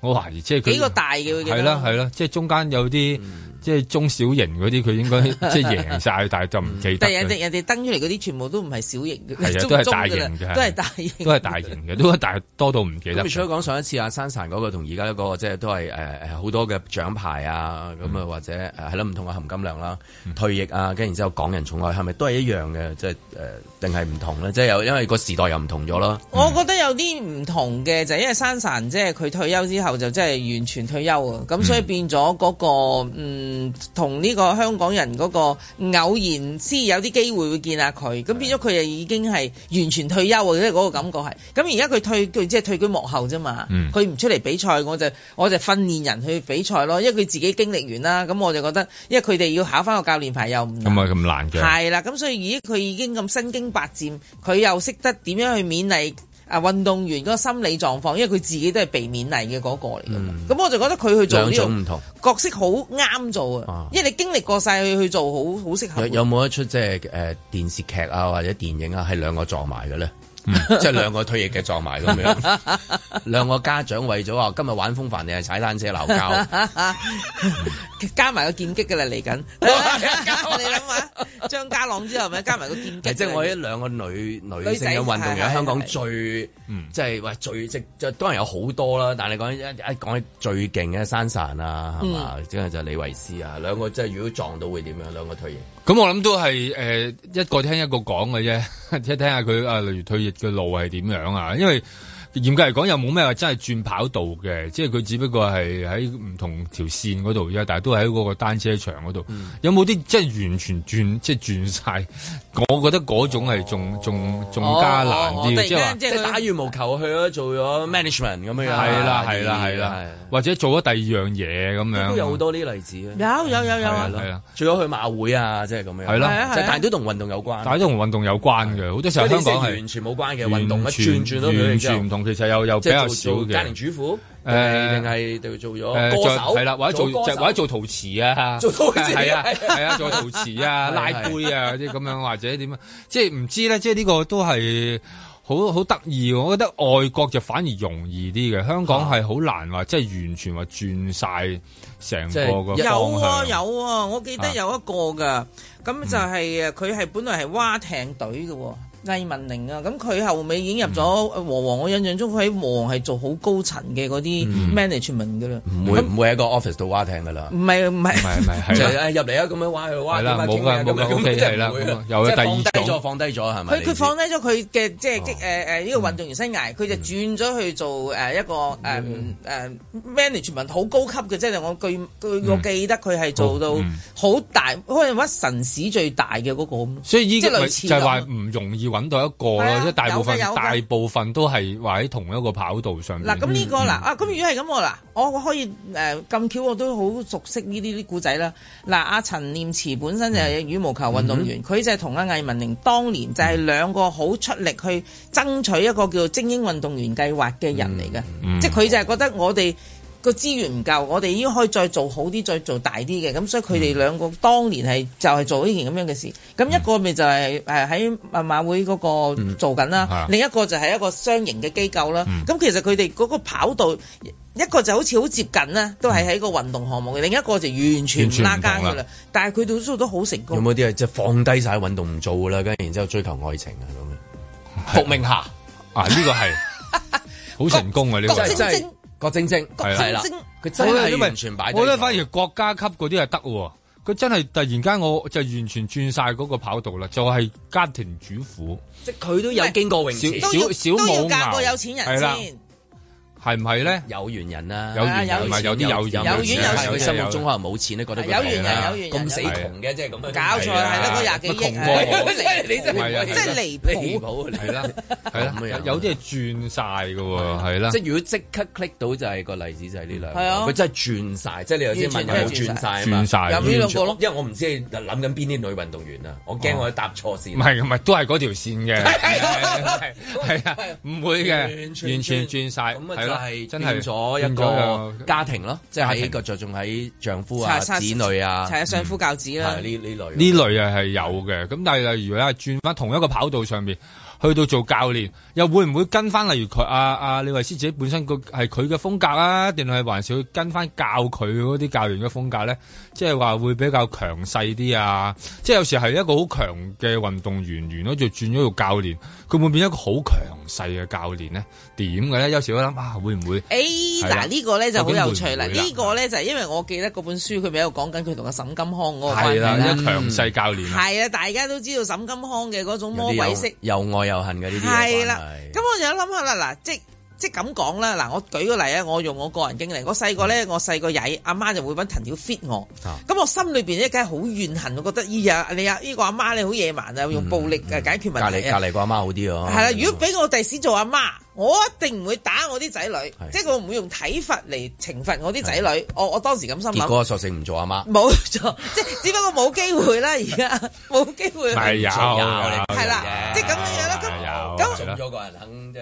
我懷疑即係幾個大嘅，係啦係啦，即係中間有啲。嗯即係中小型嗰啲，佢應該即係贏晒。 但係就唔記得。但係人哋人哋登出嚟嗰啲，全部都唔係小型嘅，啊，都係大型嘅，都係大型，都係大型嘅，都係大多到唔記得。咁所以講上一次阿珊珊嗰個同而家嗰個即係都係誒好多嘅獎牌啊，咁啊、嗯、或者係咯唔同嘅含金量啦，嗯、退役啊，跟然之後港人寵愛係咪都係一樣嘅，即係誒定係唔同咧？即係又因為個時代又唔同咗咯。嗯、我覺得有啲唔同嘅就係，是、因為珊珊，即係佢退休之後就即係完全退休啊，咁所以變咗嗰、那個嗯。嗯同呢個香港人嗰個偶然之有啲機會會見下佢。咁變咗佢就已經係完全退休或者，嗰個感覺係，咁而家佢退佢即係退居幕後啫嘛，佢唔，嗯、出嚟比賽，我就我就訓練人去比賽咯，因為佢自己經歷完啦，咁我就覺得，因為佢哋要考翻個教練牌又唔咁係咁難嘅，係啦，咁所以如果佢已經咁身經百戰，佢又識得點樣去勉勵。啊！運動員個心理狀況，因為佢自己都係避免嚟嘅嗰個嚟嘅嘛，咁、嗯、我就覺得佢去做唔同角色好啱做啊！因為你經歷過晒，去去做，好好適合有。有冇一出即係誒電視劇啊，或者電影啊，係兩個撞埋嘅咧？即係兩個退役嘅撞埋咁樣，兩個家長為咗話今日玩風帆定係踩單車鬧交，加埋個劍擊噶啦嚟緊，你諗下張家朗之後咪加埋個劍擊，即係我啲兩個女女性嘅運動員喺香港最即係話最即即當然有好多啦，但係講一講起最勁嘅珊珊啊，係嘛，即係就李維斯啊，兩個即係如果撞到會點樣？兩個退役。咁、嗯、我諗都係，誒、呃，一個聽一個講嘅啫，即 係聽下佢啊，例如退役嘅路係點樣啊，因為。嚴格嚟講，又冇咩話真係轉跑道嘅，即係佢只不過係喺唔同條線嗰度啫。但係都喺嗰個單車場嗰度。有冇啲即係完全轉即係轉晒？我覺得嗰種係仲仲仲加難啲。即係打羽毛球去咗做咗 management 咁樣。係啦係啦係啦，或者做咗第二樣嘢咁樣。都有好多啲例子有有有有。除咗去馬會啊，即係咁樣。係咯。就係都同運動有關。但係都同運動有關嘅。好多時候香港係完全冇關嘅運動，轉轉到唔同。其實又又比較少嘅家庭主婦，誒定係就做咗歌手，係啦，或者做或者做陶瓷啊，做陶瓷啊，係啊，做陶瓷啊，拉杯啊嗰啲咁樣，或者點啊，即係唔知咧，即係呢個都係好好得意。我覺得外國就反而容易啲嘅，香港係好難話，即係完全話轉晒成個個方向。有啊有啊，我記得有一個㗎，咁就係誒，佢係本來係蛙艇隊嘅。魏文凌啊，咁佢後尾已經入咗和黃，我印象中佢喺和黃係做好高層嘅嗰啲 management 噶啦，唔會唔會喺個 office 度話聽噶啦，唔係唔係，唔係，唔係，係入嚟啊咁樣，話去話，冇噶冇噶，OK 係啦，又係第二種，放低咗放低咗係咪？佢佢放低咗佢嘅即係即誒誒呢個運動員生涯，佢就轉咗去做誒一個誒誒 management 好高級嘅，即係我記記我記得佢係做到好大，可以話神使最大嘅嗰個咁咯。所以類似就係話唔容易。揾到一個咯，即係、啊、大部分大部分都係話喺同一個跑道上面。嗱，咁呢個嗱啊，咁如果係咁喎嗱，我可以誒咁、呃、巧我都好熟悉呢啲啲古仔啦。嗱、啊，阿陳念慈本身就係羽毛球運動員，佢、嗯、就係同阿魏文玲，當年就係兩個好出力去爭取一個叫精英運動員計劃嘅人嚟嘅，即係佢就係覺得我哋。個資源唔夠，我哋已經可以再做好啲，再做大啲嘅。咁所以佢哋兩個當年係就係做呢件咁樣嘅事。咁一個咪就係誒喺馬會嗰個做緊啦，另一個就係一個商營嘅機構啦。咁其實佢哋嗰個跑道一個就好似好接近啦，都係喺個運動項目嘅。另一個就完全唔拉更㗎啦。但係佢哋都好成功。有冇啲係即係放低晒運動唔做啦？跟住然之後追求愛情啊咁嘅。伏明霞啊，呢個係好成功嘅呢，真郭晶晶，郭晶晶，佢真係完全擺脫。我覺得反而國家級嗰啲係得喎，佢真係突然間我就完全轉晒嗰個跑道啦，就係、是、家庭主婦。即佢都有經過泳池，都要小母 都要嫁過有錢人先。係唔係咧？有緣人啦，係啊，有埋有啲有緣人，係佢心目中可能冇錢咧，覺得有緣人有緣人咁死窮嘅，即係咁搞錯係得個廿幾億，窮過你真係即係離離譜係啦，係啦，有啲係轉晒嘅喎，係啦，即係如果即刻 click 到就係個例子就係呢兩個，佢真係轉晒，即係你有啲問有轉晒。轉晒。有呢兩個咯，因為我唔知諗緊邊啲女運動員啊。我驚我搭錯線。唔係唔係，都係嗰條線嘅，係啊，唔會嘅，完全轉曬，係係變咗一個家庭咯，庭即係一個着重喺丈夫啊、甩甩子女啊、相夫教子啦、啊。呢呢、嗯、類呢類又係有嘅。咁是但係例如咧，轉翻同一個跑道上面去到做教練，又會唔會跟翻例如佢阿阿李維斯自己本身個係佢嘅風格啊？定係還是會跟翻教佢嗰啲教練嘅風格咧？即係話會比較強勢啲啊？即係有時係一個好強嘅運動員完咗，就轉咗做教練，佢會變一個好強勢嘅教練咧？點嘅咧？有時我諗啊，會唔會？誒嗱，呢個咧就好有趣啦！呢個咧就係因為我記得嗰本書，佢喺度講緊佢同阿沈金康嗰個關係啦。強勢教練係啊！大家都知道沈金康嘅嗰種魔鬼式，又愛又恨嘅呢啲。係啦，咁我就有諗下啦，嗱，即即咁講啦，嗱，我舉個例啊，我用我個人經歷，我細個咧，我細個曳，阿媽就會揾藤條 fit 我。咁我心裏邊一梗係好怨恨，我覺得依啊，你啊，依個阿媽你好野蠻啊，用暴力啊解決問題。隔離隔離個阿媽好啲啊。係啦，如果俾我第時做阿媽。我一定唔會打我啲仔女，即係我唔會用體罰嚟懲罰我啲仔女。我我當時咁心諗，結果索性唔做阿媽。冇錯，即係只不過冇機會啦，而家冇機會係重教嚟係啦，即係咁樣樣啦。咁咁中咗個人肯即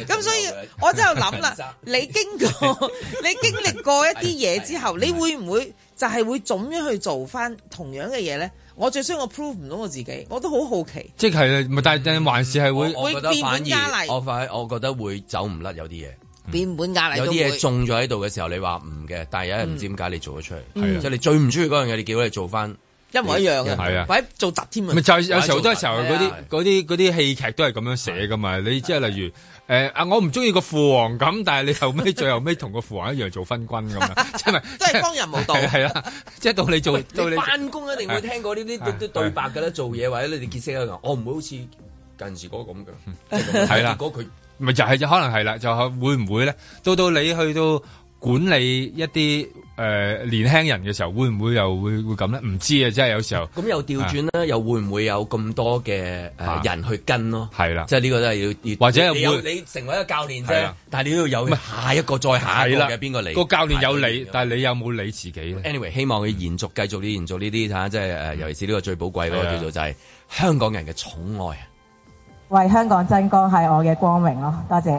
係，咁所以我真係諗啦，你經過你經歷過一啲嘢之後，你會唔會就係會怎樣去做翻同樣嘅嘢咧？我最衰我 prove 唔到我自己，我都好好奇。即係，唔係但係還是係會會變本加厲。我反而我覺得會走唔甩有啲嘢變本加厲。有啲嘢中咗喺度嘅時候，你話唔嘅，但係有人唔知點解你做咗出嚟。即係你最唔中意嗰樣嘢，你叫佢做翻一模一樣啊！或者做特添。咪就有時候好多時候嗰啲嗰啲啲戲劇都係咁樣寫噶嘛？你即係例如。誒啊！我唔中意個父王咁，但係你後尾最後尾同個父王一樣做分君咁啊，即係咪？即係幫人無道係啦，即係到你做到你翻工一定會聽過呢啲啲對白㗎啦，做嘢或者你哋結識一個人，我唔會好似近時嗰個咁嘅，係啦。如果佢咪就係就可能係啦，就係會唔會咧？到到你去到。管理一啲誒年輕人嘅時候，會唔會又會會咁咧？唔知啊，即係有時候。咁又調轉啦，又會唔會有咁多嘅誒人去跟咯？係啦，即係呢個都係要或者會你成為一個教練啫，但係你都要有下一個再下嘅邊個嚟？個教練有你，但係你有冇你自己。Anyway，希望佢延續繼續啲，延續呢啲嚇，即係誒，尤其是呢個最寶貴嗰個叫做就係香港人嘅寵愛，為香港爭光係我嘅光榮咯，多謝。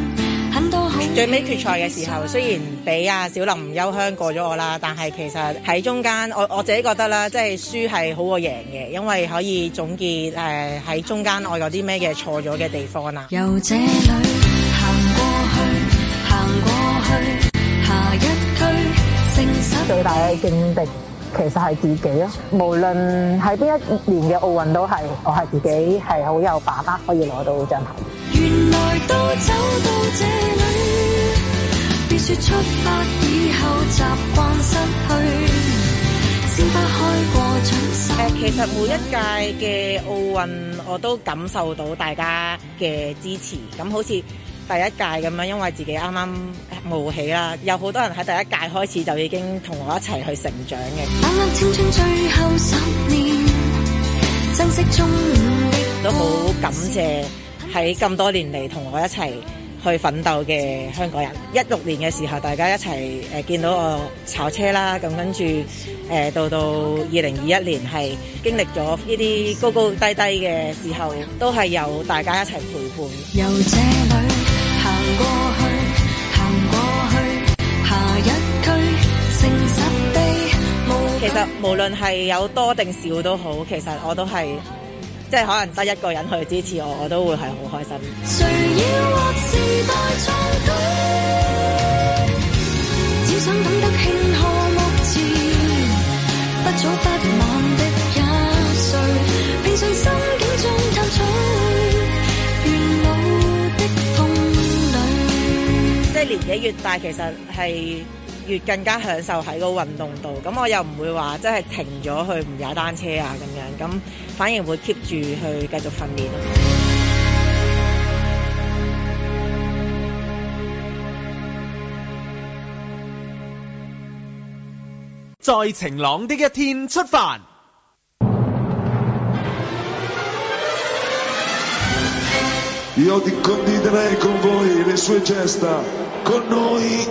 最尾決賽嘅時候，雖然俾阿小林優香過咗我啦，但係其實喺中間，我我自己覺得啦，即係輸係好過贏嘅，因為可以總結誒喺、呃、中間我有啲咩嘅錯咗嘅地方啊。由這裏行過去，行過去，下一區。最大嘅勁敵其實係自己咯，無論喺邊一年嘅奧運都係，我係自己係好有把握可以攞到獎牌都走到這裏，出發以後習慣失去鮮花開過誒，其實每一屆嘅奧運，我都感受到大家嘅支持。咁好似第一屆咁樣，因為自己啱啱冒起啦，有好多人喺第一屆開始就已經同我一齊去成長嘅。啱啱青春最後十年，珍惜中努力都好感謝。喺咁多年嚟同我一齊去奮鬥嘅香港人，一六年嘅時候大家一齊誒、呃、見到我炒車啦，咁跟住誒、呃、到到二零二一年係經歷咗呢啲高高低低嘅時候，都係由大家一齊陪伴。由這裏行過去行過去誠實地，其實無論係有多定少都好，其實我都係。即係可能得一個人去支持我，我都會係好開心。誰要話時代再高，只想懂得慶賀目前，不早不晚的一歲，平常心境中探取，沿路的風裡，即係年紀越大，其實係。越更加享受喺個運動度，咁我又唔會話即係停咗去唔踩單車啊咁樣，咁反而會 keep 住去繼續訓練。在晴 朗的一天出發。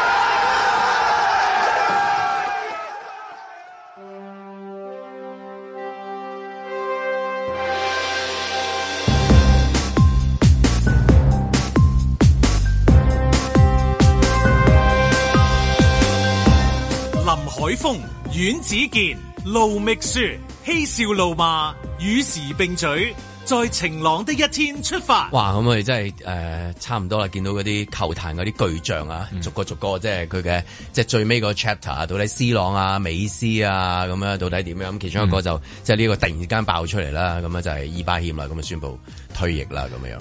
風阮子健盧覓雪嬉笑怒罵，與時並嘴，在晴朗的一天出發。哇，咁我哋真係誒，差唔多啦。見到嗰啲球壇嗰啲巨象啊，嗯、逐個逐個，即係佢嘅即係最尾個 chapter 啊，到底，C 朗啊、美斯啊咁樣到底點樣？咁其中一個就、嗯、即係呢個突然間爆出嚟啦，咁啊就係伊巴謙啦，咁啊宣布退役啦，咁樣樣。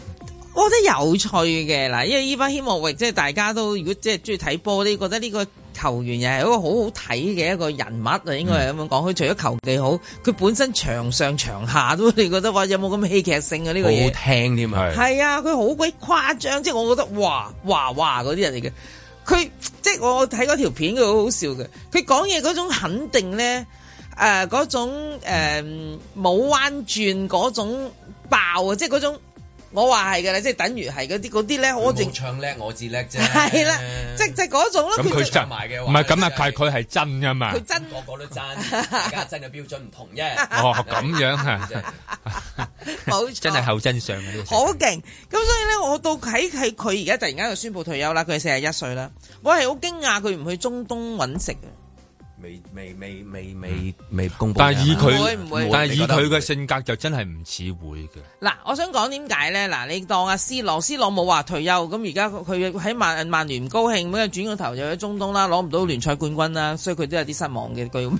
我覺得有趣嘅嗱，因為伊巴謙莫域，即係大家都如果即係中意睇波啲，覺得呢、這個。球員又係一個好好睇嘅一個人物啊，應該係咁樣講。佢除咗球技好，佢本身場上場下都你覺得話有冇咁戲劇性嘅呢個嘢？好聽添啊！係、係、啊，佢好鬼誇張，即係我覺得哇哇哇嗰啲人嚟嘅。佢即係我睇嗰條片，佢好好笑嘅。佢講嘢嗰種肯定咧，誒、呃，嗰種誒冇彎轉嗰種爆啊，即係嗰種。我話係噶啦，即係等於係嗰啲嗰啲咧，好正唱叻，我至叻啫。係啦，即即嗰種咯。咁佢埋嘅，唔係咁啊？佢佢係真噶嘛？佢真個個都真，而家真嘅標準唔同啫。哦，咁樣啊，好真係後真相。好勁！咁所以咧，我到睇係佢而家突然間就宣布退休啦，佢係四十一歲啦。我係好驚訝佢唔去中東搵食。未未未未未未公布、嗯。但係以佢，會會但係以佢嘅性格會就真係唔似會嘅。嗱，我想講點解咧？嗱，你當阿 C 朗 C 朗冇話退休，咁而家佢喺曼曼聯唔高興，咁又轉個頭又喺中東啦，攞唔到聯賽冠軍啦，所以佢都有啲失望嘅。巨蚊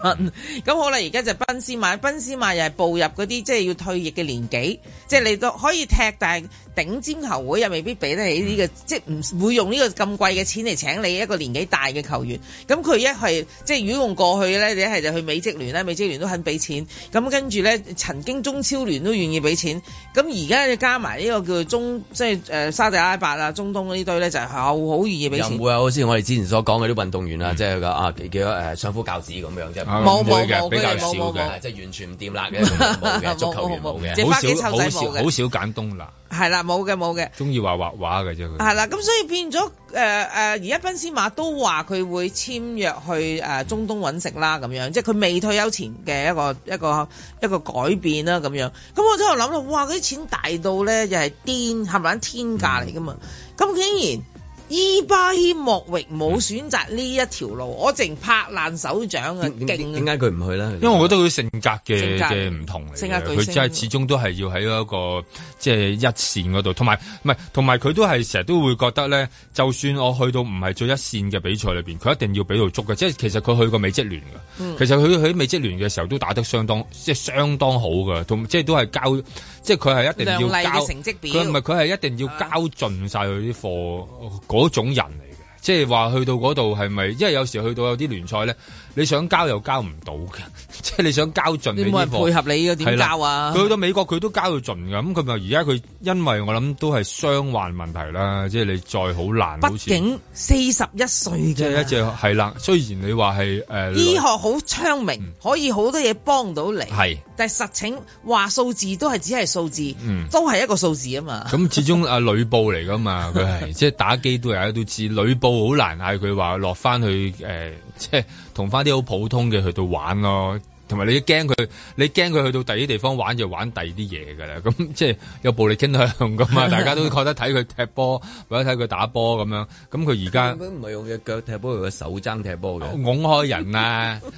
咁好啦，而家就賓斯馬，賓斯馬又係步入嗰啲即係要退役嘅年紀，嗯、即係你都可以踢，但係。頂尖球會又未必俾得起呢個，即係唔會用呢個咁貴嘅錢嚟請你一個年紀大嘅球員。咁佢一係即係如果用過去咧，一係就去美職聯咧，美職聯都肯俾錢。咁跟住咧，曾經中超聯都願意俾錢。咁而家嘅加埋呢個叫中，即係誒沙特阿拉伯啊，中東呢堆咧就係好好願意俾錢。又會啊，好似我哋之前所講嘅啲運動員啊，即係個啊幾多誒相夫教子咁樣，啫。冇冇冇嘅，比較少嘅，即係完全唔掂辣嘅，冇嘅足球員冇嘅，好少好少好少揀東南係啦，冇嘅冇嘅，中意畫畫畫嘅啫佢。係啦，咁所以變咗誒誒，而家賓斯馬都話佢會簽約去誒、呃、中東搵食啦，咁樣即係佢未退休前嘅一個一個一個改變啦，咁樣。咁我之後諗到：「哇！嗰啲錢大到咧又係癲，係咪咁天價嚟噶嘛？咁、嗯、竟然。伊巴希莫域冇選擇呢一條路，嗯、我淨拍爛手掌啊！點點解佢唔去咧？因為我覺得佢性格嘅嘅唔同嚟嘅，佢真係始終都係要喺一個即係一線嗰度。同埋唔係，同埋佢都係成日都會覺得咧，就算我去到唔係最一線嘅比賽裏邊，佢一定要俾到足嘅。即係其實佢去過美職聯㗎，嗯、其實佢喺美職聯嘅時候都打得相當即係相當好㗎，同即係都係交即係佢係一定要交，佢唔係佢係一定要交盡晒佢啲貨、啊嗰種人嚟。即係話去到嗰度係咪？因為有時去到有啲聯賽咧，你想交又交唔到嘅，即係你想交盡。你冇人配合你嘅點交啊？佢 去到美國佢都交到盡噶，咁佢咪而家佢因為我諗都係傷患問題啦。即、就、係、是、你再好難好，畢竟四十一歲。一隻係啦，雖然你話係誒，醫學好昌明，可以好多嘢幫到你。係、嗯，但係實情話數字都係只係數字，嗯、都係一個數字啊嘛。咁、嗯、 始終阿呂布嚟噶嘛，佢係即係打機都係度知呂布。好、哦、難嗌，佢話落翻去誒、呃，即係同翻啲好普通嘅去到玩，咯，同埋你驚佢，你驚佢去到第啲地方玩就玩第二啲嘢噶啦，咁、嗯、即係有暴力傾向咁啊，大家都覺得睇佢踢波或者睇佢打波咁樣，咁、嗯、佢而家唔係用隻腳踢波，佢個手踭踢波嘅，㧬開人啊！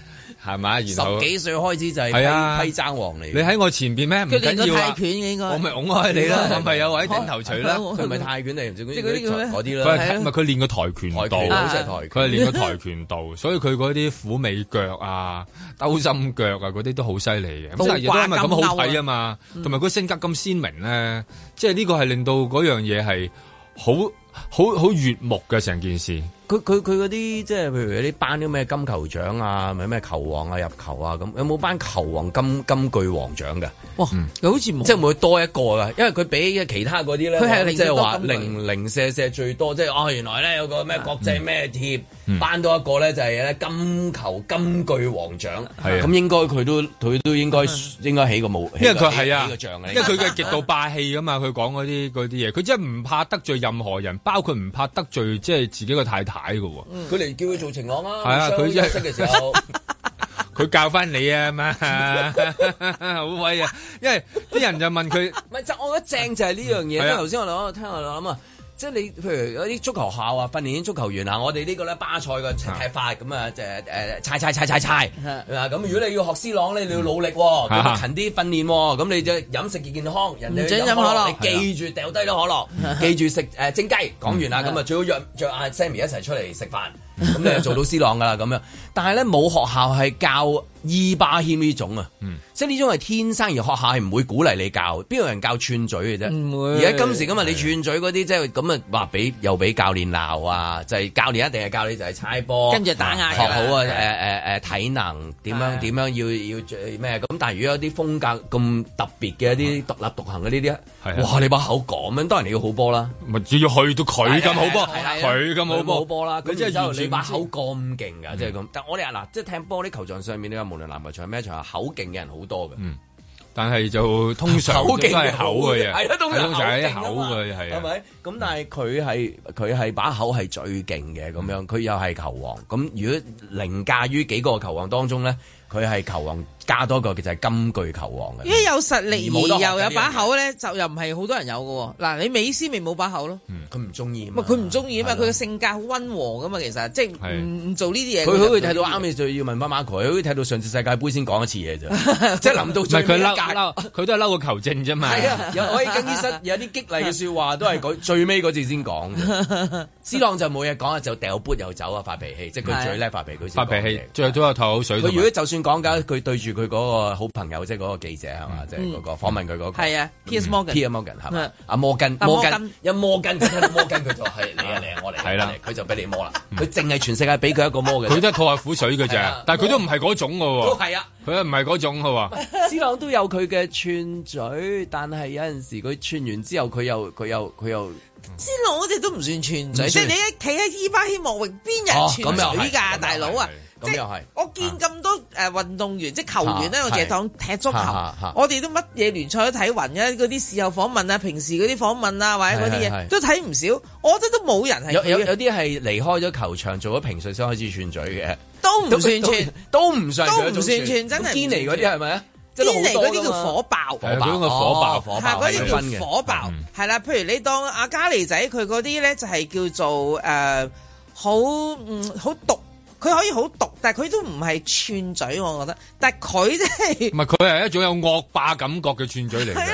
係咪？然後十幾歲開始就係批踭王嚟。你喺我前邊咩？唔緊要泰拳嘅，應該我咪拱開你啦，我咪有位頂頭錘啦。佢咪泰拳嚟，唔知嗰啲佢咪佢練個跆拳道，佢係練個跆拳道，所以佢嗰啲虎尾腳啊、兜心腳啊嗰啲都好犀利嘅。咁啊，亦都係咁好睇啊嘛。同埋佢性格咁鮮明咧，即係呢個係令到嗰樣嘢係好好好悅目嘅成件事。佢佢佢嗰啲即係譬如嗰啲頒啲咩金球獎啊，咩球王啊入球啊咁，有冇班球王金金句王獎嘅？哇，好似即係會多一個啊，因為佢比其他嗰啲咧，佢係即係話零零舍舍最多，即係哦原來咧有個咩國際咩貼頒到一個咧就係金球金句王獎，咁應該佢都佢都應該應該起個冇，因為佢係啊，因為佢嘅極度霸氣啊嘛，佢講嗰啲嗰啲嘢，佢真係唔怕得罪任何人，包括唔怕得罪即係自己嘅太太。解嘅佢嚟叫佢做情郎啊！係啊的，佢識嘅時候，佢是 教翻你啊嘛， 好威啊！因為啲人就問佢，唔係， 就我覺得正就係呢樣嘢。頭先、嗯、我諗，我聽我諗啊。即係你，譬如嗰啲足球校啊，訓練啲足球員啊，我哋呢個咧巴塞嘅踢法咁是啊，誒、呃、誒，踩踩踩踩踩，係咁是、啊、如果你要學 C 朗咧，你要努力喎，勤啲是、啊、訓練喎，咁你就飲食要健康，人哋飲可樂，你記住掉低咗可樂，是啊、記住食誒、呃、蒸雞。講完啦，咁啊，最好約約阿 Sammy 一齊出嚟食飯。咁你就做到 C 朗噶啦咁樣，但係咧，冇學校係教伊巴謙呢種啊，即係呢種係天生，而學校係唔會鼓勵你教，邊有人教串嘴嘅啫？而家今時今日你串嘴嗰啲即係咁啊，話俾又俾教練鬧啊，就係教練一定係教你就係猜波，跟住打壓學好啊，誒誒誒體能點樣點樣要要咩？咁但係如果有啲風格咁特別嘅一啲獨立獨行嘅呢啲咧，哇你把口咁樣，當然你要好波啦，咪只要去到佢咁好波，佢咁好波啦，佢即佢把口咁勁噶，即係咁。但係我哋啊嗱，即係踢波啲球場上面咧，無論籃球場咩場，口勁嘅人好多嘅。嗯，但係就通常都係口嘅，係啦，通常口嘅，係咪？咁但係佢係佢係把口係最勁嘅，咁樣佢又係球王。咁如果凌駕於幾個球王當中咧，佢係球王。加多個其實係金句球王嘅，因為有實力而又有把口咧，就又唔係好多人有嘅。嗱，你美斯咪冇把口咯，佢唔中意，咪佢唔中意啊嘛，佢嘅性格好溫和嘅嘛，其實即係唔做呢啲嘢。佢可以睇到啱你就要問返媽媽佢，可以睇到上次世界盃先講一次嘢啫，即係臨到最後一格，佢都係嬲個球證啫嘛。係啊，有喺更衣室有啲激勵嘅説話，都係最尾嗰次先講嘅。斯朗就冇嘢講就掉杯又走啊，發脾氣，即係佢最叻發脾氣，發脾氣最後都有吐水。佢如果就算講緊佢句對住。佢嗰個好朋友，即係嗰個記者係嘛，即係嗰個訪問佢嗰個。係啊 Piers Morgan，Piers Morgan，吓，阿摩根，摩根有摩根，摩根佢就係你啊，你啊，我嚟係啦，佢就俾你摸啦，佢淨係全世界俾佢一個摸嘅。佢都係吐下苦水嘅啫，但係佢都唔係嗰種嘅喎。都係啊，佢唔係嗰種嘅喎。仙龍都有佢嘅串嘴，但係有陣時佢串完之後，佢又佢又佢又。仙龍嗰隻都唔算串嘴，即係你企喺伊巴希望榮邊人串嘴噶，大佬啊！即係我見咁多誒運動員，即係球員咧，我淨係當踢足球，我哋都乜嘢聯賽都睇匀嘅，嗰啲事後訪問啊，平時嗰啲訪問啊，或者嗰啲嘢都睇唔少。我覺得都冇人係有有啲係離開咗球場做咗評述先開始串嘴嘅，都唔算，串，都唔算，都唔算。串，真係。堅尼嗰啲係咪啊？堅尼嗰啲叫火爆，係嗰種嘅火爆火爆。係啦，譬如你當阿嘉尼仔，佢嗰啲咧就係叫做誒好嗯好毒。佢可以好毒，但係佢都唔係串嘴，我覺得。但係佢即係唔係佢係一種有惡霸感覺嘅串嘴嚟嘅。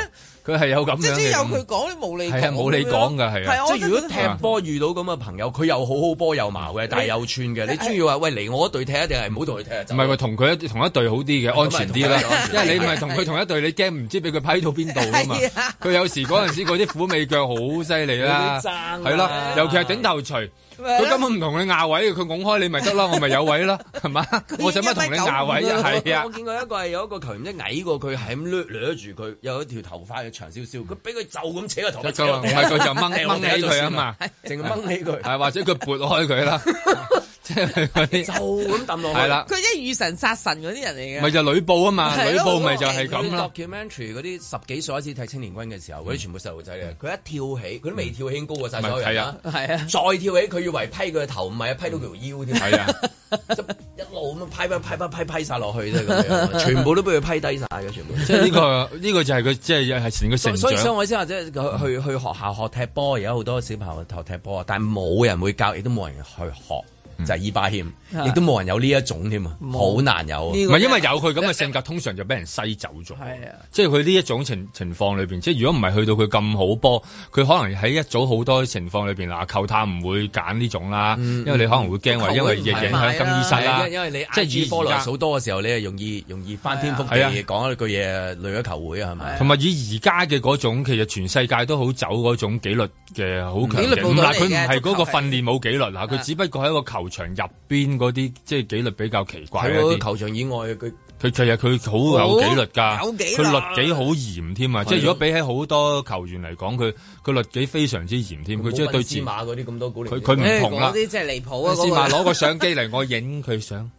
佢係有咁樣。即係有佢講啲無理嘅。係啊，無理講㗎係啊。即係如果踢波遇到咁嘅朋友，佢又好好波又矛嘅，但係又串嘅。你中意話喂嚟我一隊踢，定係唔好同佢踢？唔係，咪同佢同一隊好啲嘅，安全啲啦。因為你唔係同佢同一隊，你驚唔知俾佢批到邊度啊嘛？佢有時嗰陣時嗰啲苦味腳好犀利啦，係啦，尤其係頂頭鎚。佢 根本唔同你壓位，佢拱開你咪得啦，我咪有位啦，係嘛？我使乜同你壓位啊？係啊！我見過一個係有一個球員，一矮過佢，係咁掠掠住佢，有一條頭髮長少少，佢俾佢就咁扯個頭髮扯。唔錯啦，唔係佢就掹掹起佢啊嘛，淨係掹起佢，係 或者佢撥開佢啦。 即係就咁抌落去，佢一遇神殺神嗰啲人嚟嘅，咪就呂布啊嘛，呂布咪就係咁啦。Documentary 嗰啲十幾歲開始踢青年軍嘅時候，嗰啲全部細路仔嚟，佢一跳起，佢都未跳起高過晒，所有人，係啊，再跳起佢以為批佢頭，唔係批到條腰添，係啊，一路咁樣批批批批晒落去啫，全部都被佢批低晒嘅，全部。即係呢個呢個就係佢即係係成個成長。所以我先話即係去去學校學踢波，而家好多小朋友學踢波，但係冇人會教，亦都冇人去學。就係伊巴謙，亦都冇人有呢一種添啊，好難有。唔係因為有佢咁嘅性格，通常就俾人篩走咗。係啊，即係佢呢一種情情況裏邊，即係如果唔係去到佢咁好波，佢可能喺一組好多情況裏邊啦，球探唔會揀呢種啦。因為你可能會驚話，因為影響更衣室啦。因為你即係以波羅數多嘅時候，你係容易容易翻天覆地講一句嘢，累咗球會啊，係咪？同埋以而家嘅嗰種，其實全世界都好走嗰種紀律嘅好強嘅。唔嗱，佢唔係嗰個訓練冇紀律嗱，佢只不過係一個球場入邊嗰啲即係紀律比較奇怪一啲，球場以外佢佢其實佢好有紀律噶，佢律己好嚴添啊！即係如果比起好多球員嚟講，佢佢律己非常之嚴添，佢即係對司馬嗰啲咁多古靈，佢佢唔同啦。啲即係離譜啊！司馬攞個相機嚟我影佢相，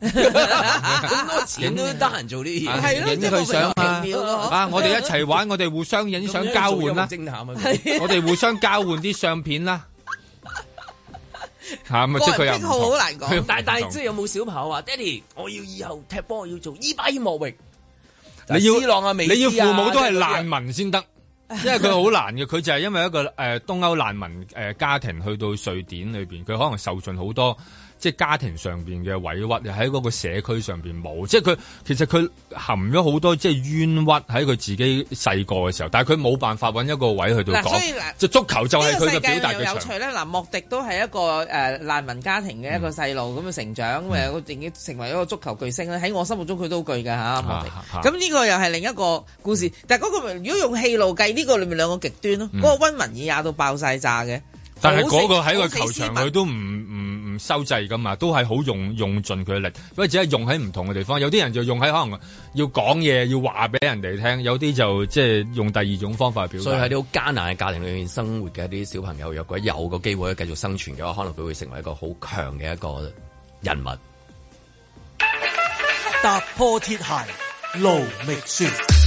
影都得閒做啲嘢，影佢相啊！我哋一齊玩，我哋互相影相交換啦，我哋互相交換啲相片啦。吓，即佢有好難講，但但即係有冇小朋友話，爹哋，我要以後踢波我要做伊巴謙莫域，你要浪啊，你要，啊你要父母都係難民先得，因為佢好難嘅，佢 就係因為一個誒、呃、東歐難民誒、呃、家庭去到瑞典裏邊，佢可能受盡好多。即係家庭上邊嘅委屈，又喺嗰個社區上邊冇，即係佢其實佢含咗好多即係冤屈喺佢自己細個嘅時候，但係佢冇辦法揾一個位去到講、啊。所以嗱，足球就係佢嘅表達嘅。有趣咧。嗱、啊，莫迪都係一個誒難民家庭嘅一個細路咁嘅成長，佢已經成為一個足球巨星。喺我心目中佢都好巨㗎嚇。咁、啊、呢、啊啊、個又係另一個故事。但係、那、嗰個如果用氣路計，呢、這個裡面兩個極端咯。嗰、嗯、個温文爾雅都爆晒炸嘅。但係嗰個喺個球場佢都唔唔唔收制噶嘛，都係好用用盡佢嘅力，不過只係用喺唔同嘅地方。有啲人就用喺可能要講嘢，要話俾人哋聽；有啲就即係用第二種方法表現。所以喺啲好艱難嘅家庭裏面生活嘅一啲小朋友，若果有個機會繼續生存嘅話，可能佢會成為一個好強嘅一個人物。踏破鐵鞋路覓船。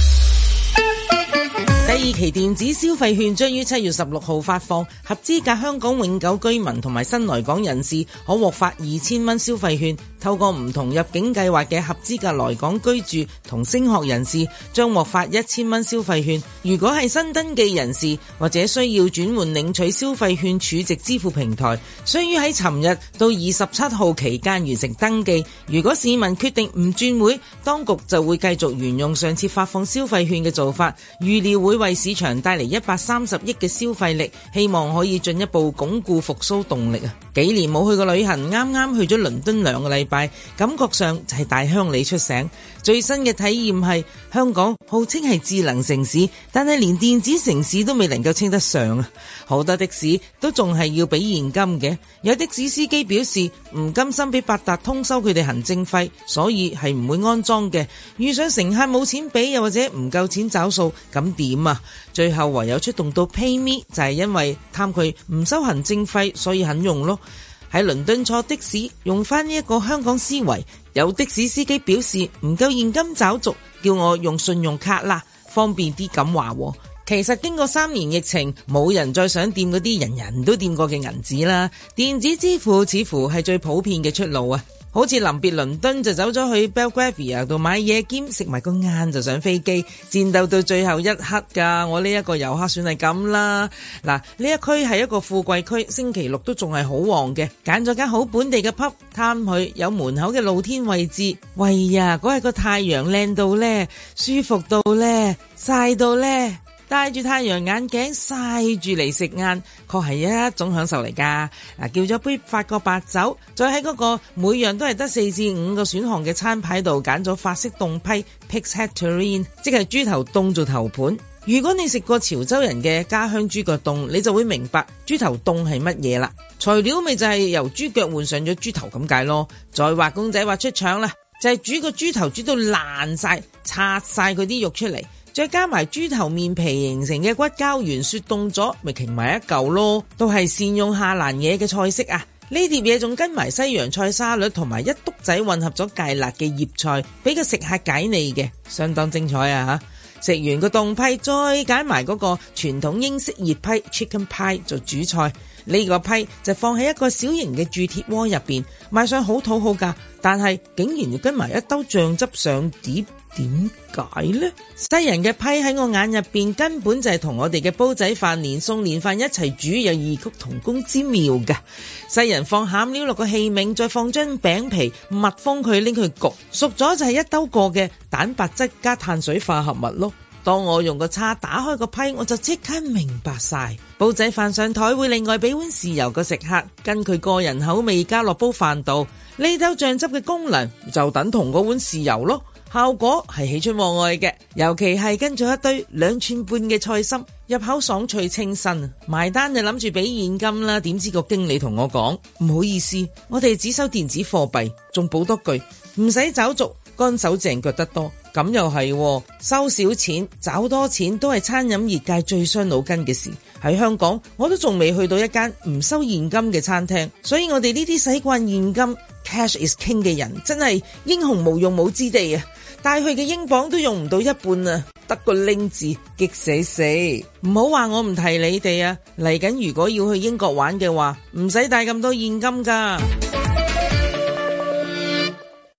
第二期電子消費券將於七月十六號發放，合資格香港永久居民同埋新來港人士可獲發二千蚊消費券。透過唔同入境計劃嘅合資格來港居住同升學人士，將獲發一千蚊消費券。如果係新登記人士或者需要轉換領取消費券儲值支付平台，需於喺尋日到二十七號期間完成登記。如果市民決定唔轉會，當局就會繼續沿用上次發放消費券嘅做法，預料會。佢為市場帶嚟一百三十億嘅消費力，希望可以進一步鞏固復甦動力啊！幾年冇去過旅行，啱啱去咗倫敦兩個禮拜，感覺上就係大鄉里出省。最新嘅體驗係香港號稱係智能城市，但係連電子城市都未能夠稱得上啊！好多的士都仲係要俾現金嘅，有的士司機表示唔甘心俾八達通收佢哋行政費，所以係唔會安裝嘅。遇上乘客冇錢俾，又或者唔夠錢找數，咁點啊？最後唯有出動到 PayMe，就係因為貪佢唔收行政費，所以肯用咯。喺倫敦坐的士，用翻呢一個香港思維。有的士司機表示唔夠現金找續，叫我用信用卡啦，方便啲咁話。其實經過三年疫情，冇人再想掂嗰啲人人都掂過嘅銀紙啦，電子支付似乎係最普遍嘅出路啊！好似臨別倫敦，就走咗去 Belgravia 度買嘢兼食埋個晏，就上飛機戰鬥到最後一刻㗎，我呢一個遊客算係咁啦。嗱，呢一區係一個富貴區，星期六都仲係好旺嘅。揀咗間好本地嘅 pub 攤佢，有門口嘅露天位置。喂呀，嗰日個太陽靚到咧，舒服到咧，曬到咧。戴住太陽眼鏡曬住嚟食晏，確係一種享受嚟噶。嗱，叫咗杯法國白酒，再喺嗰個每樣都係得四至五個選項嘅餐牌度揀咗法式凍批 Pig's Head Terrine，即係豬頭凍做頭盤。如果你食過潮州人嘅家鄉豬腳凍，你就會明白豬頭凍係乜嘢啦。材料咪就係由豬腳換上咗豬頭咁解咯。再畫公仔畫出腸啦，就係、是、煮個豬頭煮到爛晒，拆晒佢啲肉出嚟。再加埋豬頭面皮形成嘅骨膠原，雪凍咗咪停埋一嚿咯，都係善用下欄嘢嘅菜式啊！呢碟嘢仲跟埋西洋菜沙律同埋一篤仔混合咗芥辣嘅醃菜，俾佢食下解膩嘅，相當精彩啊嚇！食完個凍批，再解埋嗰個傳統英式熱批 chicken pie 做主菜。呢個批就放喺一個小型嘅鑄鐵鍋入邊，賣相好討好㗎，但係竟然要跟埋一兜醬汁上碟，點解呢？西人嘅批喺我眼入邊根本就係同我哋嘅煲仔飯連餸連飯一齊煮，有異曲同工之妙嘅。西人放餡料落個器皿，再放張餅皮密封佢，拎佢焗熟咗就係一兜過嘅蛋白質加碳水化合物咯。當我用個叉打開個批，我就即刻明白晒。煲仔飯上台會另外俾碗豉油嘅食客，跟佢個人口味加落煲飯度。呢兜醬汁嘅功能就等同嗰碗豉油咯，效果係喜出望外嘅。尤其係跟住一堆兩寸半嘅菜心，入口爽脆清新。埋單就諗住俾現金啦，點知個經理同我講，唔好意思，我哋只收電子貨幣。仲補多句，唔使找續，乾手淨腳得多。咁又係，收少錢找多錢都係餐飲業界最傷腦筋嘅事。喺香港，我都仲未去到一間唔收現金嘅餐廳，所以我哋呢啲使慣現金 cash is king 嘅人，真係英雄無用武之地啊！帶去嘅英鎊都用唔到一半啊，得個拎字激死死。唔好話我唔提你哋啊，嚟緊如果要去英國玩嘅話，唔使帶咁多現金噶。